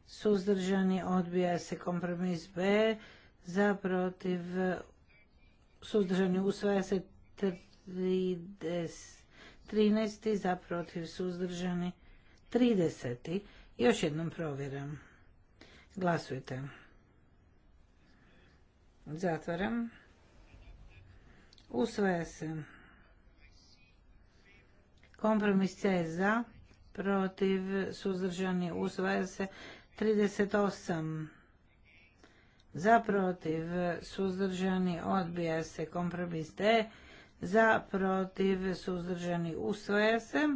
suzdržani, odbija se kompromis B, za, protiv, suzdržani, usvaja se 13. za, protiv, suzdržani, 30. Još jednom provjeram. Glasujte. Zatvaram. Usvaja se. Kompromis C za, protiv, suzdržani, usvaja se 38. Za, protiv, suzdržani, odbija se kompromis D. Za, protiv, suzdržani, usvaja se.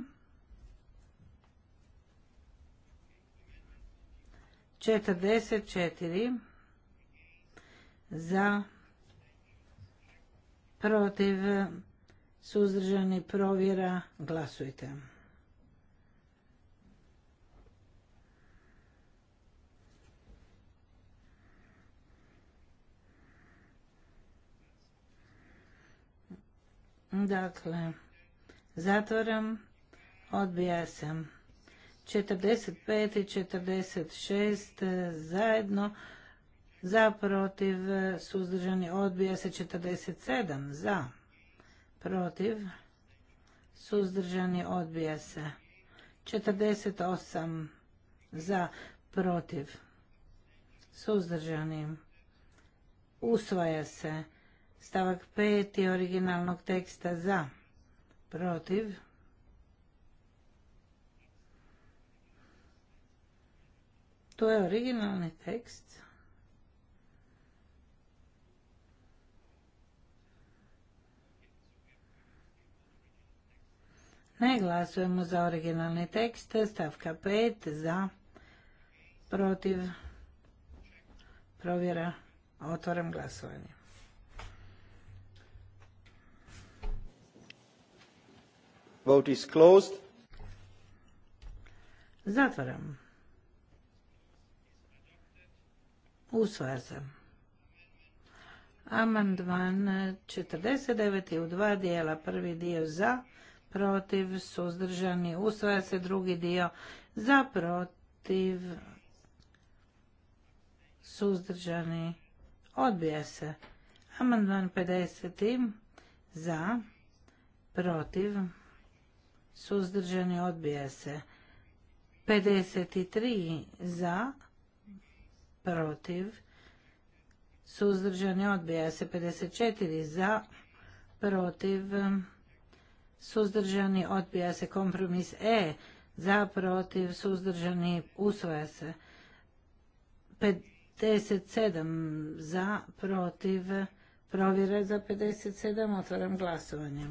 44. Za, protiv, suzdržani provjera, glasujte. Dakle, zatvoram, odbija se. 45 i 46 e, zajedno, za protiv, suzdržani odbija se 47 za protiv, suzdržani, odbija se. 48 za, protiv, suzdržani, usvaja se. Stavak 5. originalnog teksta za, protiv, to je originalni tekst. Ne glasujemo za originalni tekst. Stavka 5 za protiv provjera. Otvaram glasovanje. Vote is closed. Zatvaram. Usvaja se. Amandman 49. u dva dijela. Prvi dio za, protiv, suzdržani, usvaja se drugi dio za protiv, suzdržani, odbija se. Amandman 50. za, protiv, suzdržani, odbija se. 53 za, protiv, suzdržani, odbija se. 54 za, protiv, suzdržani, odbija se. Kompromis E za, protiv, suzdržani, Usvoja se. 57 za, protiv, provjera za 57, otvaram glasovanje.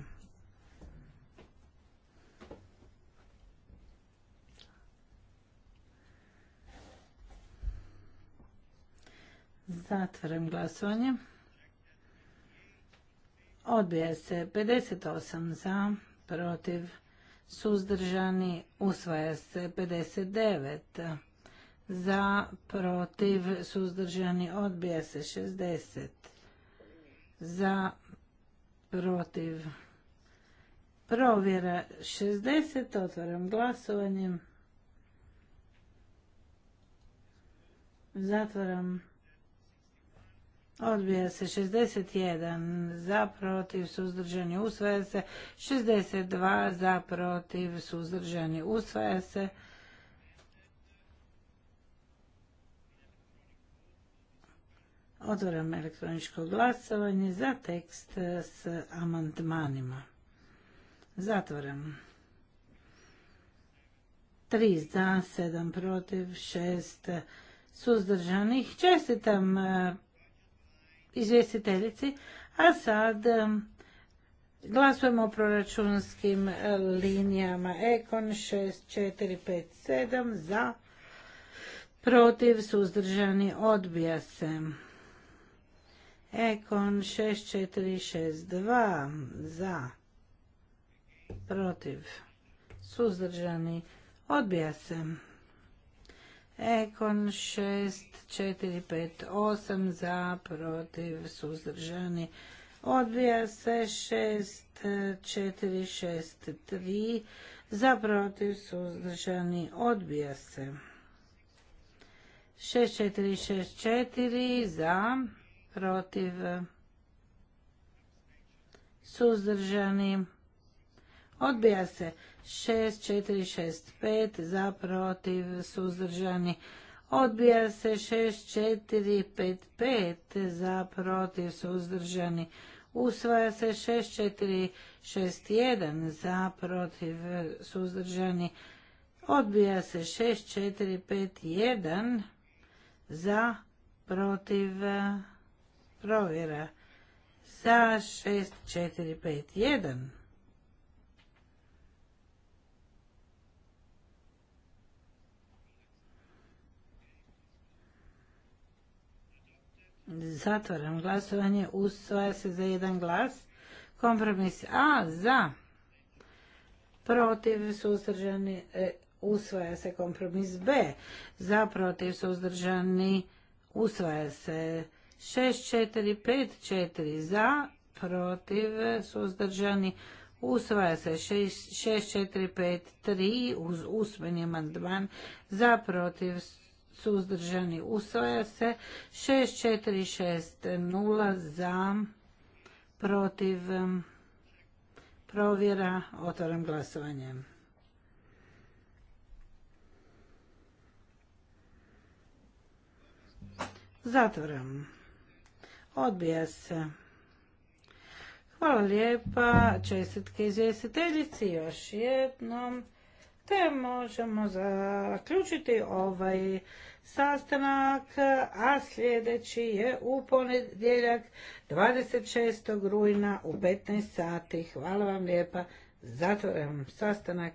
Zatvaram glasovanje. Odbija se 58 za, protiv, suzdržani, usvaja se 59 za, protiv, suzdržani, odbija se 60 za, protiv, provjera 60, otvaram glasovanjem, zatvaram Odbija se 61 za protiv suzdržani usvaja se 62 za protiv suzdržani usvaja se Otvaram elektroničko glasovanje za tekst s amandmanima. Zatvaram. 3 za, 7 protiv, 6 suzdržanih. Čestitam eh, izvjestiteljici. A sad glasujemo o proračunskim linijama Ekon 6457 za protiv suzdržani odbija se. Ekon 6462 za protiv suzdržani odbija se. Ekon 6, 4, 5, 8 za, protiv, suzdržani. Odbija se 6, 4, 6, 3 za, protiv, suzdržani. Odbija se 6, 4, 6, 4 za, protiv, suzdržani. Odbija se 6, 4, 6, 5 za protiv suzdržani. Odbija se 6, 4, 5, 5 za protiv suzdržani. Usvaja se 6, 4, 6, 1 za protiv suzdržani. Odbija se 6, 4, 5, 1 za protiv provjera. Za 6, 4, 5, 1. Zatvoram glasovanje. Usvaja se za jedan glas. Kompromis A za. Protiv su uzdržani. E, usvaja se kompromis B. Za protiv su uzdržani. Usvaja se 6, 4, 5, 4 za. Protiv suzdržani. Usvaja se 6, 4, 5, 3 uz usmeni mandman. za protiv suzdržani usvaja se 6460 za protiv provjera otvaram glasovanje zatvaram odbija se Hvala lijepa, čestitke izvjestiteljici još jednom, te možemo zaključiti ovaj sastanak, a sljedeći je u ponedjeljak 26. rujna u 15 sati. Hvala vam lijepa, Zatvorim sastanak.